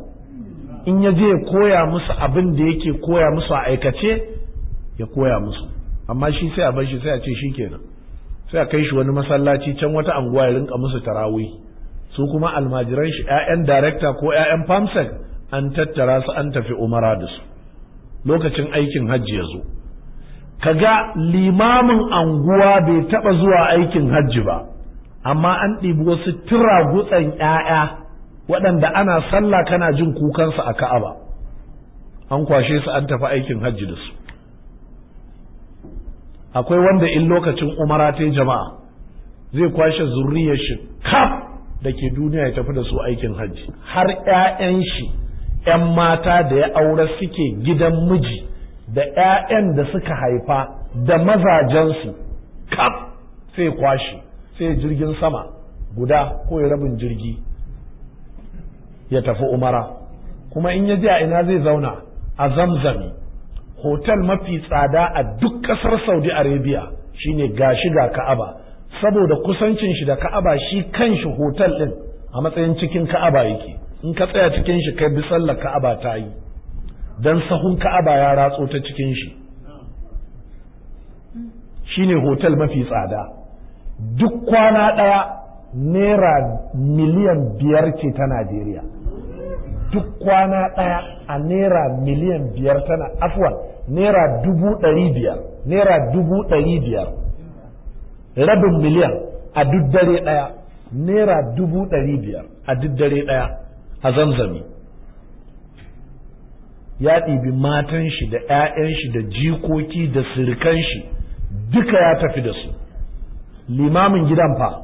in ya je ya koya musu abin da yake koya musu a aikace ya koya musu amma shi sai a bar shi sai a ce shi kenan sai a kai shi wani masallaci can wata anguwa ya rinka musu tarawih su kuma almajiran shi ƴaƴan director ko ƴaƴan famsek an tattara su an tafi umara da su lokacin aikin hajji ya zo kaga limamin anguwa bai taba zuwa aikin hajji ba amma an ɗibi wasu tura gutsan ƴaƴa waɗanda ana sallah kana jin kukansu a ka'aba an kwashe su an tafi aikin hajji da su akwai wanda in lokacin umara ta jama'a zai kwashe zurriyar shi kaf da ke duniya ya tafi da su aikin hajji har ‘ya'yan shi ‘yan mata da ya aure suke gidan miji da ‘ya'yan da suka haifa da mazajensu kaf sai kwashe sai jirgin sama guda ko ya rabin jirgi ya tafi umara kuma in ya je a ina zai zauna a zamzami hotel mafi tsada a duk ƙasar saudi arabia shine gashi ga ka'aba saboda kusancin shi da ka'aba shi kanshi hotel din a matsayin cikin ka'aba yake in ka tsaya cikin shi kai bi sallar ka'aba ta yi dan sahun ka'aba ya ratso ta cikin shi shine hotel mafi tsada duk kwana ɗaya naira miliyan biyar ce ta najeriya duk kwana ɗaya a naira miliyan biyar tana afwan naira dubu ɗari biyar naira dubu ɗari biyar rabin miliyan a duk dare ɗaya naira dubu ɗari biyar a duk dare ɗaya a zanzami. ya ɗibi matan shi da 'ya'yan shi da jikoki da sirikan shi duka ya tafi da su limamin gidan fa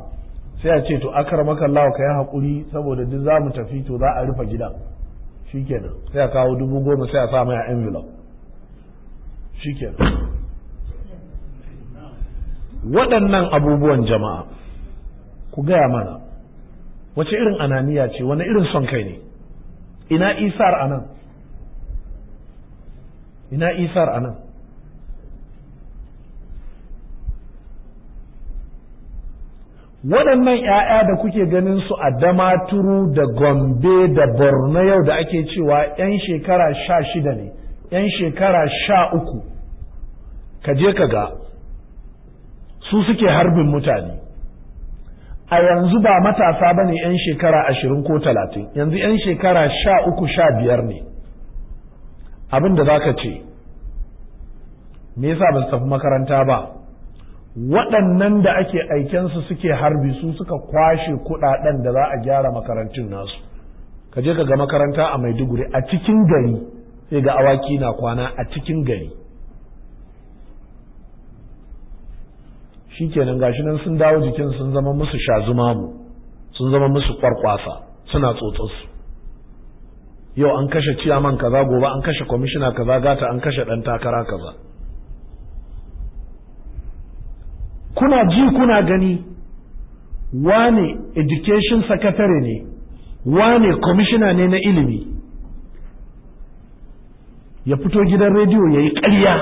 sai a ce to akramaka Allah ka yi hakuri saboda duk zamu tafi to za a rufe gidan shikenan sai a kawo dubu goma sai a sa mai envelope shikenan waɗannan abubuwan jama'a ku gaya mana wace irin ananiya ce wani irin son kai ne ina isar anan ina isar anan waɗannan ‘ya'ya da kuke ganin su a damaturu da gombe da borno yau da ake cewa ‘yan shekara sha shida ne ‘yan shekara sha uku ka je ka ga su suke harbin mutane a yanzu ba matasa ba ne ‘yan shekara ashirin ko talatin yanzu ‘yan shekara sha uku sha biyar ne abin da za ka ce me yasa ba su tafi makaranta ba waɗannan da ake aikensu suke harbi su suka kwashe kuɗaɗen da za a gyara makarantun nasu ka je ka ga makaranta a maiduguri a cikin gari sai ga awaki na kwana a cikin gari Shikenan gashi nan sun dawo jikin sun zama musu shazumamu sun zama musu kwarkwasa suna su. yau an kashe ciyaman kaza gobe an kashe kwamishina kaza gata an kashe ɗan takara kaza kuna ji kuna gani wane education secretary ne wane commissioner ne na ilimi ya fito gidan rediyo ya yi ƙarya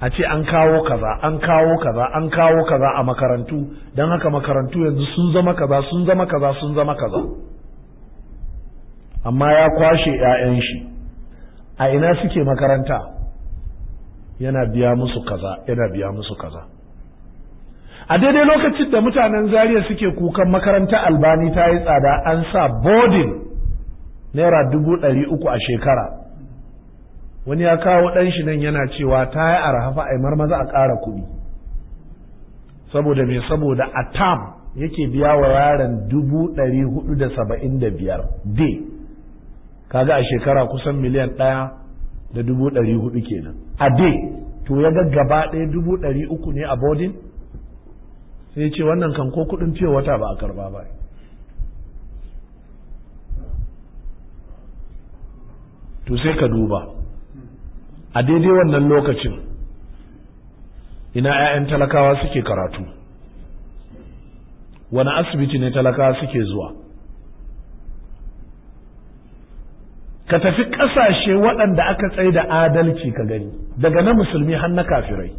a ce an kawo kaza an kawo kaza an kawo kaza a makarantu don haka makarantu yanzu sun zama kaza sun zama kaza sun zama kaza amma ya kwashe 'ya'yan shi a ina suke makaranta yana biya musu kaza yana biya musu kaza a daidai lokacin da mutanen zariya suke kukan makaranta albani ta yi tsada an sa bodin naira dubu ɗari uku a shekara wani ya kawo ɗan shi nan yana cewa ta yi arhafa a maza a ƙara kuɗi saboda me saboda a tam yake biya wa yaron dubu ɗari hudu da saba'in da biyar de kaga a shekara kusan miliyan ɗaya da dubu ɗari hudu kenan a de to ya ga gaba ɗaya dubu ɗari uku ne a bodin sai ce wannan kan ko kudin fiye wata ba a karba ba to sai ka duba a daidai wannan lokacin ina 'ya'yan talakawa suke karatu wani asibiti ne talakawa suke zuwa ka tafi ƙasashe waɗanda aka tsaye da adalci ka gani daga na musulmi har na kafirai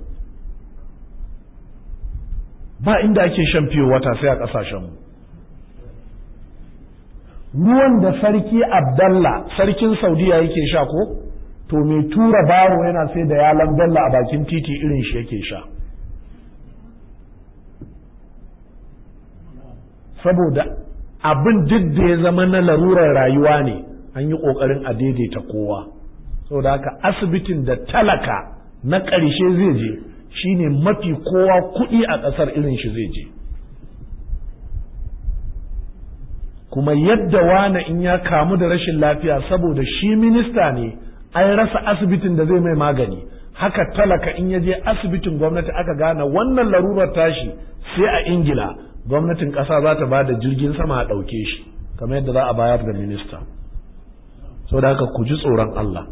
ba inda ake shan fiye wata sai a ƙasashen ruwan da sarki abdallah sarkin saudiya yake sha ko to mai tura baro yana sai da yalan dalla a bakin titi irin shi yake sha saboda abin duk da ya zama na larurar rayuwa ne an yi ƙoƙarin a daidaita kowa saboda haka asibitin da talaka na ƙarshe zai je Shi ne mafi kowa kuɗi a ƙasar irin shi zai je kuma yadda wane in ya kamu da rashin lafiya saboda shi minista ne ai rasa asibitin da zai mai magani haka talaka in ya je asibitin gwamnati aka gane wannan larurar tashi sai a ingila gwamnatin ƙasa za ta ba da jirgin sama a ɗauke shi kamar yadda za a bayar da minista saboda haka ku ji tsoron allah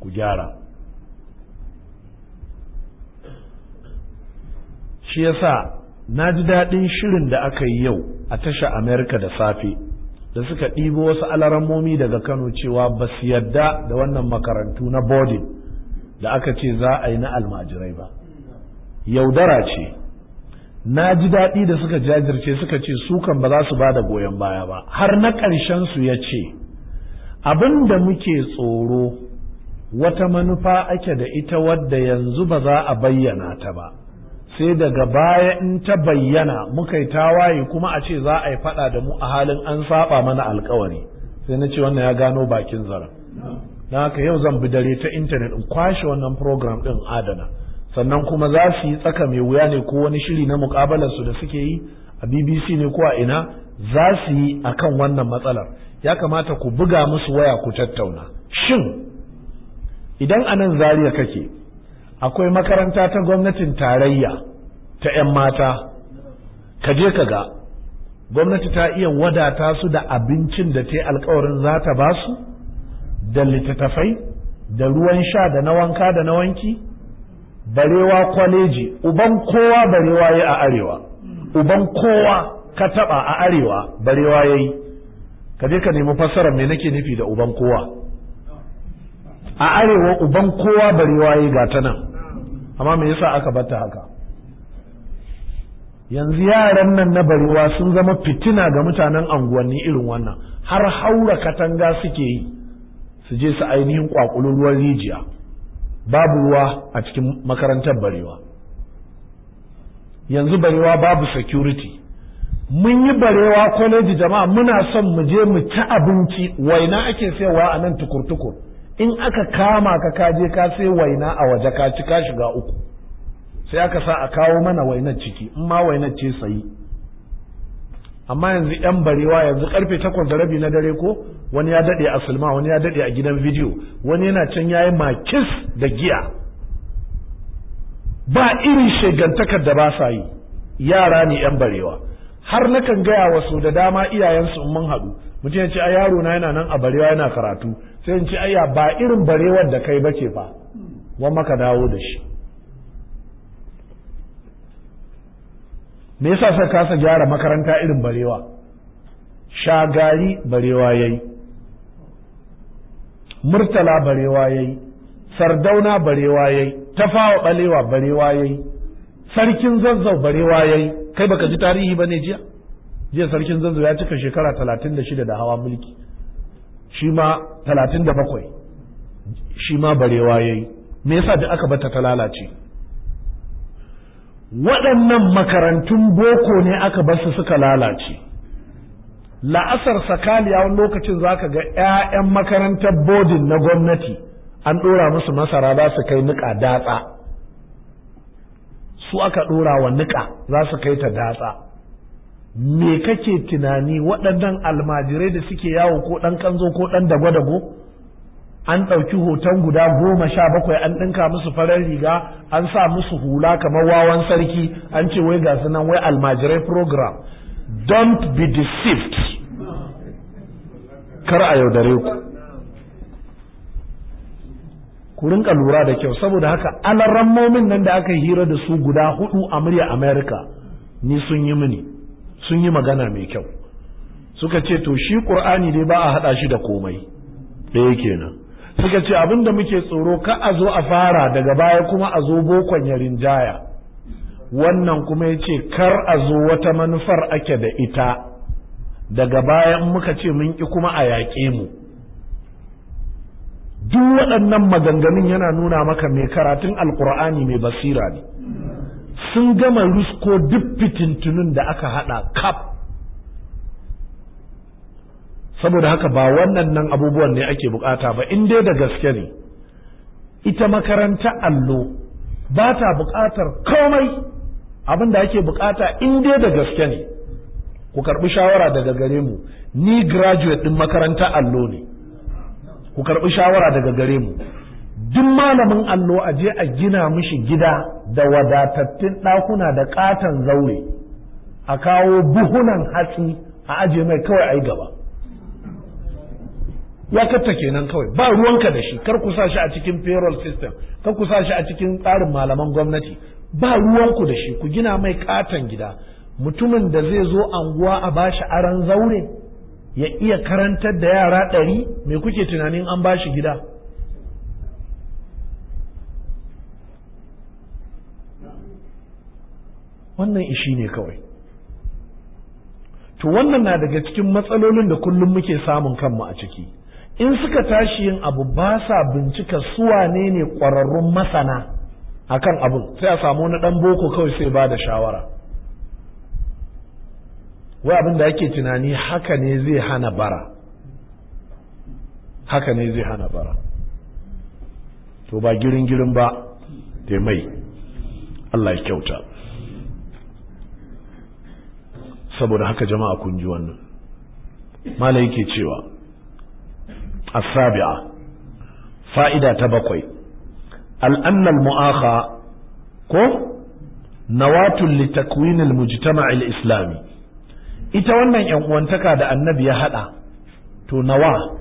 ku gyara shi yasa na ji daɗin shirin da aka yi yau a tasha amerika da safe da suka ɗibo wasu alarammomi daga kano cewa ba su yadda da wannan makarantu na boarding da aka ce za a yi na almajirai ba yaudara ce na ji daɗi da suka jajirce suka ce sukan ba za su ba da goyon baya ba har na ƙarshen su ya ce abin da muke tsoro wata manufa ake da ita wadda yanzu ba za a bayyana ta ba sai daga baya in ta bayyana muka yi tawaye kuma a ce za a yi faɗa da mu a halin an saba mana alkawari sai na ce wannan ya gano bakin zara na haka yau zan bi dare ta intanet in kwashe wannan program ɗin adana sannan kuma za su yi tsaka mai wuya ne ko wani shiri na mukabalarsu da suke yi a bbc ne ko a ina za su yi akan wannan matsalar ya kamata ku buga musu waya ku tattauna shin idan anan nan zariya kake akwai makaranta ta gwamnatin tarayya ta 'yan mata ka je ka ga gwamnati ta iya wadata su da abincin da ta yi alkawarin za ta ba su da littattafai da ruwan sha da na wanka da na wanki barewa kwaleji uban kowa barewa ya a arewa uban kowa ka taba a arewa barewa ya yi ka je ka nemi fassarar mai nake nufi da uban kowa a arewa uban kowa barewa ya yi ga ta nan amma me yasa aka bata haka yanzu yaran nan na barewa sun zama fitina ga mutanen anguwanni irin wannan har haura katanga suke yi su je su ainihin kwakulun ruwan rijiya babu ruwa a cikin makarantar barewa yanzu barewa babu security mun yi barewa kwaleji jama'a muna son mu je mu ci abinci waina ake sayarwa a nan tukur in aka kama ka kaje ka sai waina a waje ka ci ka shiga uku sai aka sa a kawo mana wainar ciki in ma wainar ce sayi amma yanzu yan barewa yanzu karfe takwas da rabi na dare ko wani ya daɗe a sulma wani ya daɗe a gidan bidiyo wani yana can yayi makis da giya ba irin shegantakar da ba sa yi yara ne yan barewa har nakan gaya wasu da dama iyayensu in mun haɗu mutum ya ce a yaro na yana nan a barewa yana karatu sai in ci ayya ba irin barewar da kai bace ba, wani maka dawo da shi me yasa sai kasa gyara makaranta irin barewa shagari barewa yayi murtala barewa yayi sardauna barewa yayi tafawa balewa barewa yayi sarkin zanzau barewa yayi kai baka ji tarihi bane jiya jiya sarkin zanzau ya cika shekara 36 da hawa mulki shi ma talatin da bakwai shi ma barewa ya yi me yasa da aka bata ta lalace waɗannan makarantun boko ne aka basu suka lalace la'asar sakaliya wani lokacin za ka ga 'ya'yan makarantar bodin na gwamnati an ɗora musu masara za su kai niƙa datsa su aka ɗora wa niƙa za su kai ta datsa me kake tunani waɗannan almajirai da suke yawo ko ɗan kanzo ko ɗan dago-dago an ɗauki hoton guda goma sha bakwai an ɗinka musu farar riga an sa musu hula kamar wawan sarki an ce wai ga nan wai almajirai program don't be deceived kar a yaudare ku ku rinka lura da kyau saboda haka alaran momin nan da aka hira da su guda hudu a murya america ni sun yi mini sun yi magana mai kyau suka ce to shi ƙur'ani ne ba a haɗa shi da komai ɗaya kenan suka ce abinda muke tsoro ka a zo a fara daga baya kuma a zo bokon ya rinjaya wannan kuma ya ce kar a zo wata manufar ake da ita daga baya in muka ce mun ƙi kuma a yaƙe mu duk waɗannan maganganun yana nuna maka mai karatun alƙur'ani mai basira ne sun gama rusko duk fitintunun da aka hada kaf saboda haka ba wannan nan abubuwan ne ake bukata ba in dai da gaske ne ita makaranta allo ba ta bukatar komai abin da ake bukata in dai da gaske ne ku karbi shawara daga gare mu ni graduate din makaranta allo ne ku karbi shawara daga gare mu duk malamin allo a je a gina mishi gida da wadatattun ɗakuna da ƙaton zaure a kawo buhunan hatsi a aje mai kawai a yi gaba ya katta kenan kawai ba ruwanka da shi kar ku sa shi a cikin payroll system kar ku sa shi a cikin tsarin malaman gwamnati ba ruwanku da shi ku gina mai katon gida mutumin da zai zo anguwa a bashi aran zaure ya iya karantar da yara ɗari mai kuke tunanin an bashi gida wannan ishi ne kawai to wannan na daga cikin matsalolin da kullum muke samun kanmu a ciki in suka tashi yin abu ba sa bincika suwa ne ne ƙwararrun masana akan abin sai a samu na ɗan boko kawai sai ba da shawara wai abin da ake tunani haka ne zai hana bara haka ne zai hana bara to ba girin girin ba da mai Allah ya kyauta saboda haka jama'a kun ji wannan malai yake cewa asabi'a fa'ida ta bakwai al'annal mu'aka ko nawatun litakwinil mujtama'il islami ita wannan yan uwantaka da annabi ya haɗa to nawa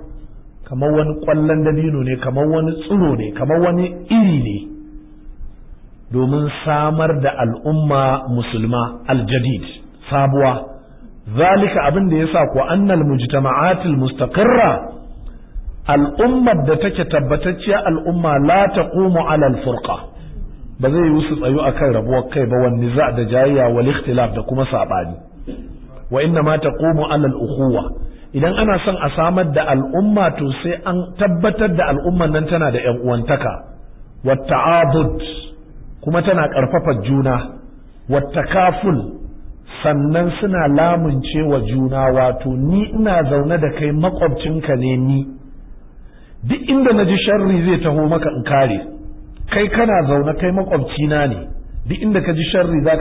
kamar wani kwallon dabino ne kamar wani tsiro ne kamar wani iri ne domin samar da al'umma musulma aljadid sabuwa zalika abin da yasa ko annal mujtama'atil mustaqirra al'ummar da take tabbatacciya al'umma la taqumu ala al-furqa ba zai yi su tsayu akan rabuwar kai ba wani za da jayya wal ikhtilaf da kuma sabani wa inna ma taqumu ala al-ukhuwa idan ana son a samar da al'umma to sai an tabbatar da al'umman nan tana da ‘yan uwantaka, wata abud kuma tana ƙarfafa juna, wata kaful sannan suna lamunce wa juna wato ni ina zaune da kai makwabcinka ne ni duk inda na ji sharri zai taho maka in kare kai kana zaune kai makwabcina ne duk inda ka ji sharri zai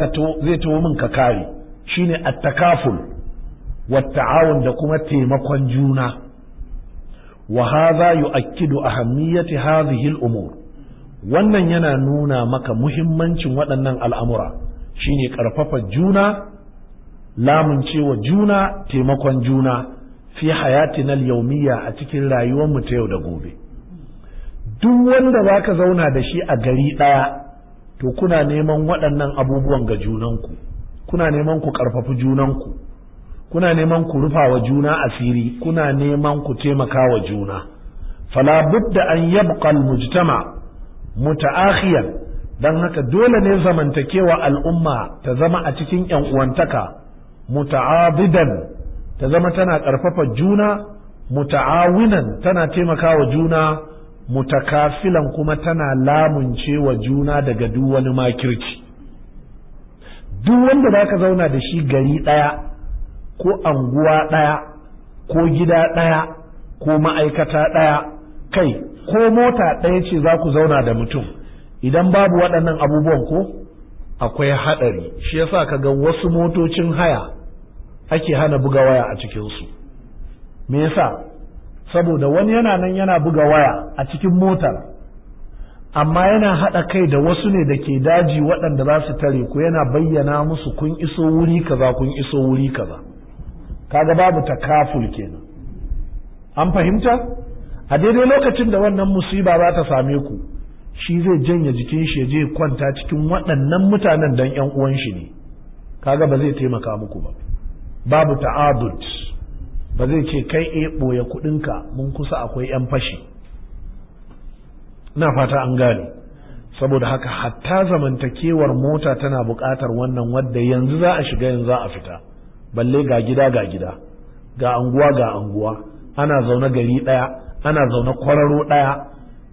taho min ka kare shine attakaful wata'awun da kuma taimakon juna wa hadha yu'akkidu ahammiyati hazi al-umur wannan yana nuna maka muhimmancin waɗannan al'amura shine ƙarfafa juna lamun cewa juna taimakon juna fi na yaumiya a cikin rayuwar mu ta yau da gobe duk wanda za ka zauna da shi a gari ɗaya to kuna neman waɗannan abubuwan ga junanku kuna neman ku ƙarfafi junanku kuna neman ku rufa wa juna asiri kuna neman ku taimaka wa juna fala budda an yabqa mujtama mutaakhiyan dan haka dole ne zamantakewa al'umma ta zama a cikin yan uwantaka muta'adidan ta zama tana ƙarfafa juna muta'awinan tana taimakawa juna mutakafilan kuma tana lamunce wa juna daga duk wani makirci duk wanda za ka zauna da shi gari ɗaya ko anguwa ɗaya ko gida ɗaya ko ma'aikata ɗaya kai ko mota ɗaya ce za ku zauna da mutum idan babu waɗannan abubuwan ko akwai haɗari shi yasa ka ga wasu motocin haya ake hana buga waya a cikinsu me yasa saboda wani yana nan yana buga waya a cikin motar amma yana haɗa kai da wasu ne da ke daji waɗanda za su tare ku yana bayyana musu kun iso wuri kaza kun iso wuri kaza kaga babu takaful kenan an fahimta a daidai lokacin da wannan musiba za ta same ku shi zai janye jikin shi je kwanta cikin waɗannan mutanen dan ƴan uwan shi ne kaga ba zai taimaka muku ba babu ta'adud ba zai ce kai e ɓoye ka mun kusa akwai 'yan fashi na fata an gane saboda haka hatta zamantakewar mota tana buƙatar wannan wadda yanzu za a shiga yanzu za a fita balle ga gida ga gida ga anguwa ga anguwa ana zaune gari ɗaya ana zaune kwararo ɗaya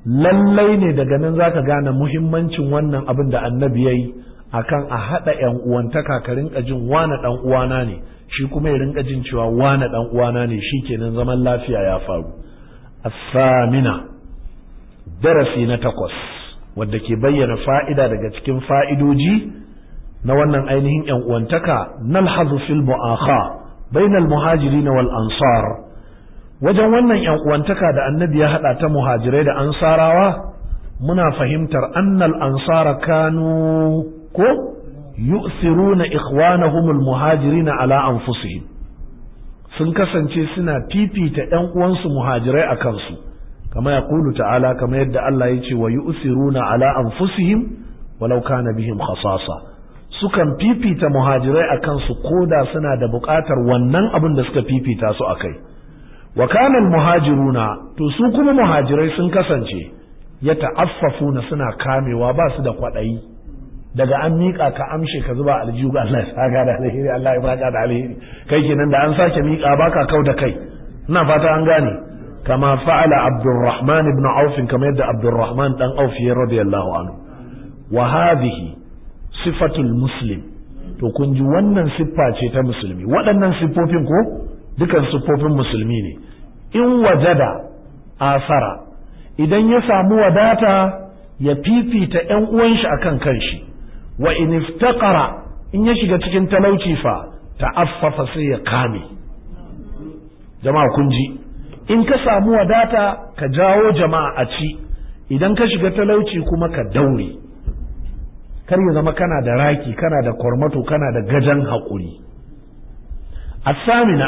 lallai ne daga nan za ka gane muhimmancin wannan abin da annabi ya yi akan a haɗa 'yan uwantaka ka jin wane ɗan uwana ne shi kuma ya rinka jin cewa wane dan uwana ne shikenan zaman lafiya ya faru asamina darasi na takwas wadda ke bayyana fa'ida daga cikin fa'idoji na wannan ainihin ‘yan uwantaka nalhazu fil mu'akha bainal muhajirina wal ansar wajen wannan ‘yan uwantaka da annabi ya haɗa ta muhajirai da ansarawa muna fahimtar annal ansara kanu ko yu'siruna ikhwanahumul muhajirina ala anfusihim sun kasance suna fifita ƴan uwansu muhajirai a kansu kama ya kulu ta'ala kama yadda Allah ya ce wa yu'siruna ala anfusihim walau kana bihim khasasa sukan fifita muhajirai a kansu koda suna da buƙatar wannan abin da suka fifita su a kai wa kanal muhajiruna to su kuma muhajirai sun kasance ya ta'affafuna suna kamewa ba su da kwaɗayi daga an miƙa ka amshe ka zuba aljihu ga Allah ya saka da alheri Allah ya baka da alheri kai kenan da an sake miƙa baka kau da kai ina fata an gane kama fa'ala Abdurrahman ibn Auf kamar yadda Abdurrahman dan Auf ya radiyallahu anhu wa hadhihi sifatul muslim to kun ji wannan siffa ce ta musulmi waɗannan siffofin ko dukan siffofin musulmi ne in wajada asara idan ya samu wadata ya fifita ‘yan uwanshi a kan kanshi wa in iftaqara in ya shiga cikin talauci fa ta'affafa sai ya kame jama'a kun ji in ka samu wadata ka jawo jama'a a ci idan ka shiga talauci kuma ka daure kar ya zama kana da raki kana da kormato kana da gajan haƙuri الثامنة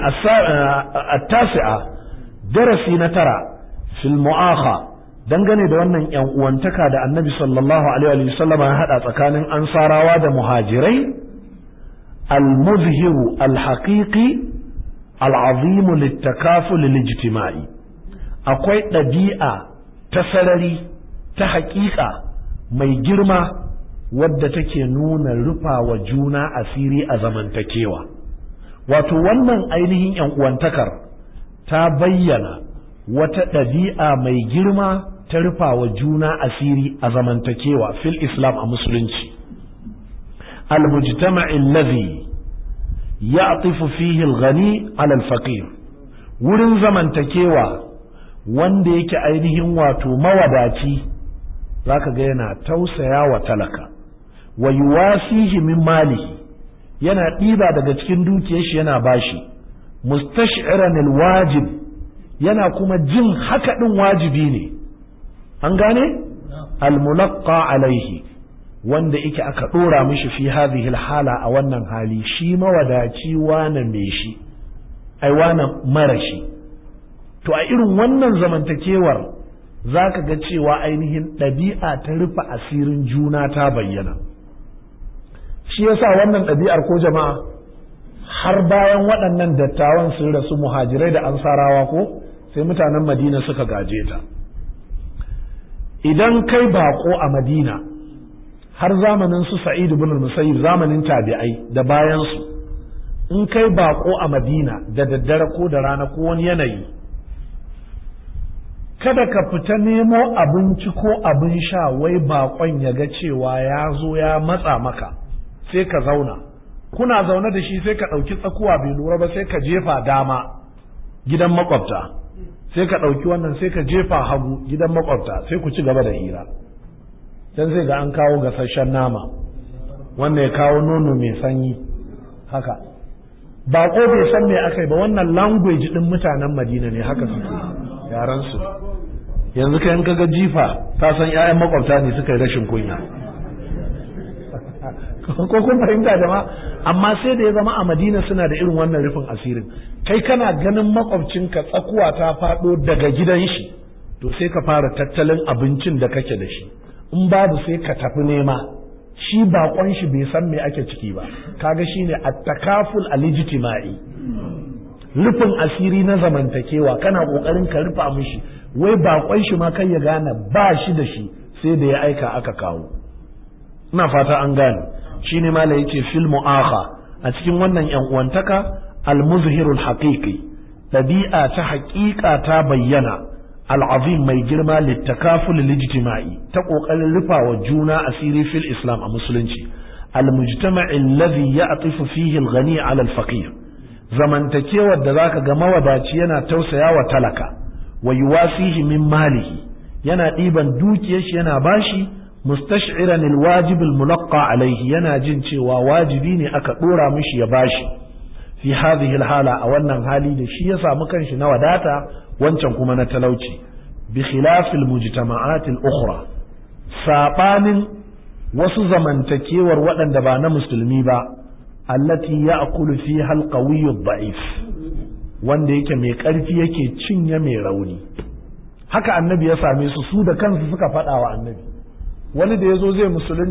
darasi na tara fil mu'akha dangane da wannan yan uwantaka da annabi sallallahu alaihi wa sallama ya haɗa tsakanin ansarawa da muhajirai al-muzhiru al-haqiqi al-azimu littakaful lijtima'i akwai ɗabi'a ta sarari ta haƙiƙa mai girma wadda take nuna rufa wa juna asiri a zamantakewa wato wannan ainihin yan uwantakar ta bayyana wata ɗabi'a mai girma ta rufa juna asiri a zamantakewa fil islam a musulunci المجتمع الذي يعطف فيه الغني على الفقير wurin zamantakewa wanda yake ainihin wato mawadaci zaka ga yana tausaya wa talaka wa yuwasihi malihi yana ɗiba daga cikin dukiyar yana bashi mustashiran alwajib yana kuma jin haka ɗin wajibi ne an gane almunaqqa alaihi wanda yake aka dora mishi fi hadhihi alhala a wannan hali shi mawadaci wana me shi ai wana mara shi to a irin wannan zamantakewar zaka ga cewa ainihin ɗabi'a ta rufe asirin juna ta bayyana shi yasa wannan ɗabi'ar ko jama'a har bayan waɗannan dattawan sun rasu muhajirai da ansarawa ko sai mutanen madina suka gaje ta idan kai bako a madina har zamanin su Sa'idu ibn musayyib zamanin tabi'ai da bayan su in kai bako a madina da daddare ko da rana ko wani yanayi kada ka fita nemo abinci ko abin sha wai bakon ya ga cewa ya zo ya matsa maka sai ka zauna kuna zaune da shi sai ka ɗauki tsakuwa bai lura ba sai ka jefa dama gidan makwabta sai ka ɗauki wannan sai ka jefa hagu gidan makwabta sai ku ci gaba da hira can sai ga an kawo gasasshen nama wanda ya kawo nono mai sanyi haka ba ko bai san me aka yi ba wannan language ɗin mutanen madina ne haka suke su yanzu ka yanka ga jifa ta san 'ya'yan makwabta ne suka yi rashin kunya ko kun fahimta jama'a amma sai da ya zama a madina suna da irin wannan rufin asirin kai kana ganin makwabcinka tsakuwa ta faɗo daga gidan shi to sai ka fara tattalin abincin da kake da shi in babu sai ka tafi nema shi baƙon shi bai san me ake ciki ba kaga shine at-takaful al-ijtima'i rufin asiri na zamantakewa kana kokarin ka rufa mishi wai bakon shi ma kai ya gane ba shi da shi sai da ya aika aka kawo ina fata an gane shine mala yace fil mu'akha a cikin wannan yan uwantaka almuzhirul muzhirul haqiqi dabi'a ta haƙiƙa ta bayyana al azim mai girma littakaful lijtima'i ta kokarin rufa wa juna asiri fil islam a musulunci al mujtama'i ya ya'tifu fihi al ghani 'ala al zamantakewar da zaka ga mawadaci yana tausaya wa talaka wa yuwasihi min malihi yana ɗiban dukiyar shi yana bashi mustash'iran alwajib almulaqqa alayhi yana jin cewa wajibi ne aka dora mishi ya bashi fi hadhihi alhala a wannan hali da shi ya samu kanshi na wadata wancan kuma na talauci bi khilafil mujtama'at al-ukhra sabanin wasu zamantakewar waɗanda ba na musulmi ba allati a fiha al-qawiyyu ad-da'if wanda yake mai ƙarfi yake cinye mai rauni haka annabi ya same su su da kansu suka faɗa wa annabi wani da ya zo zai musulunta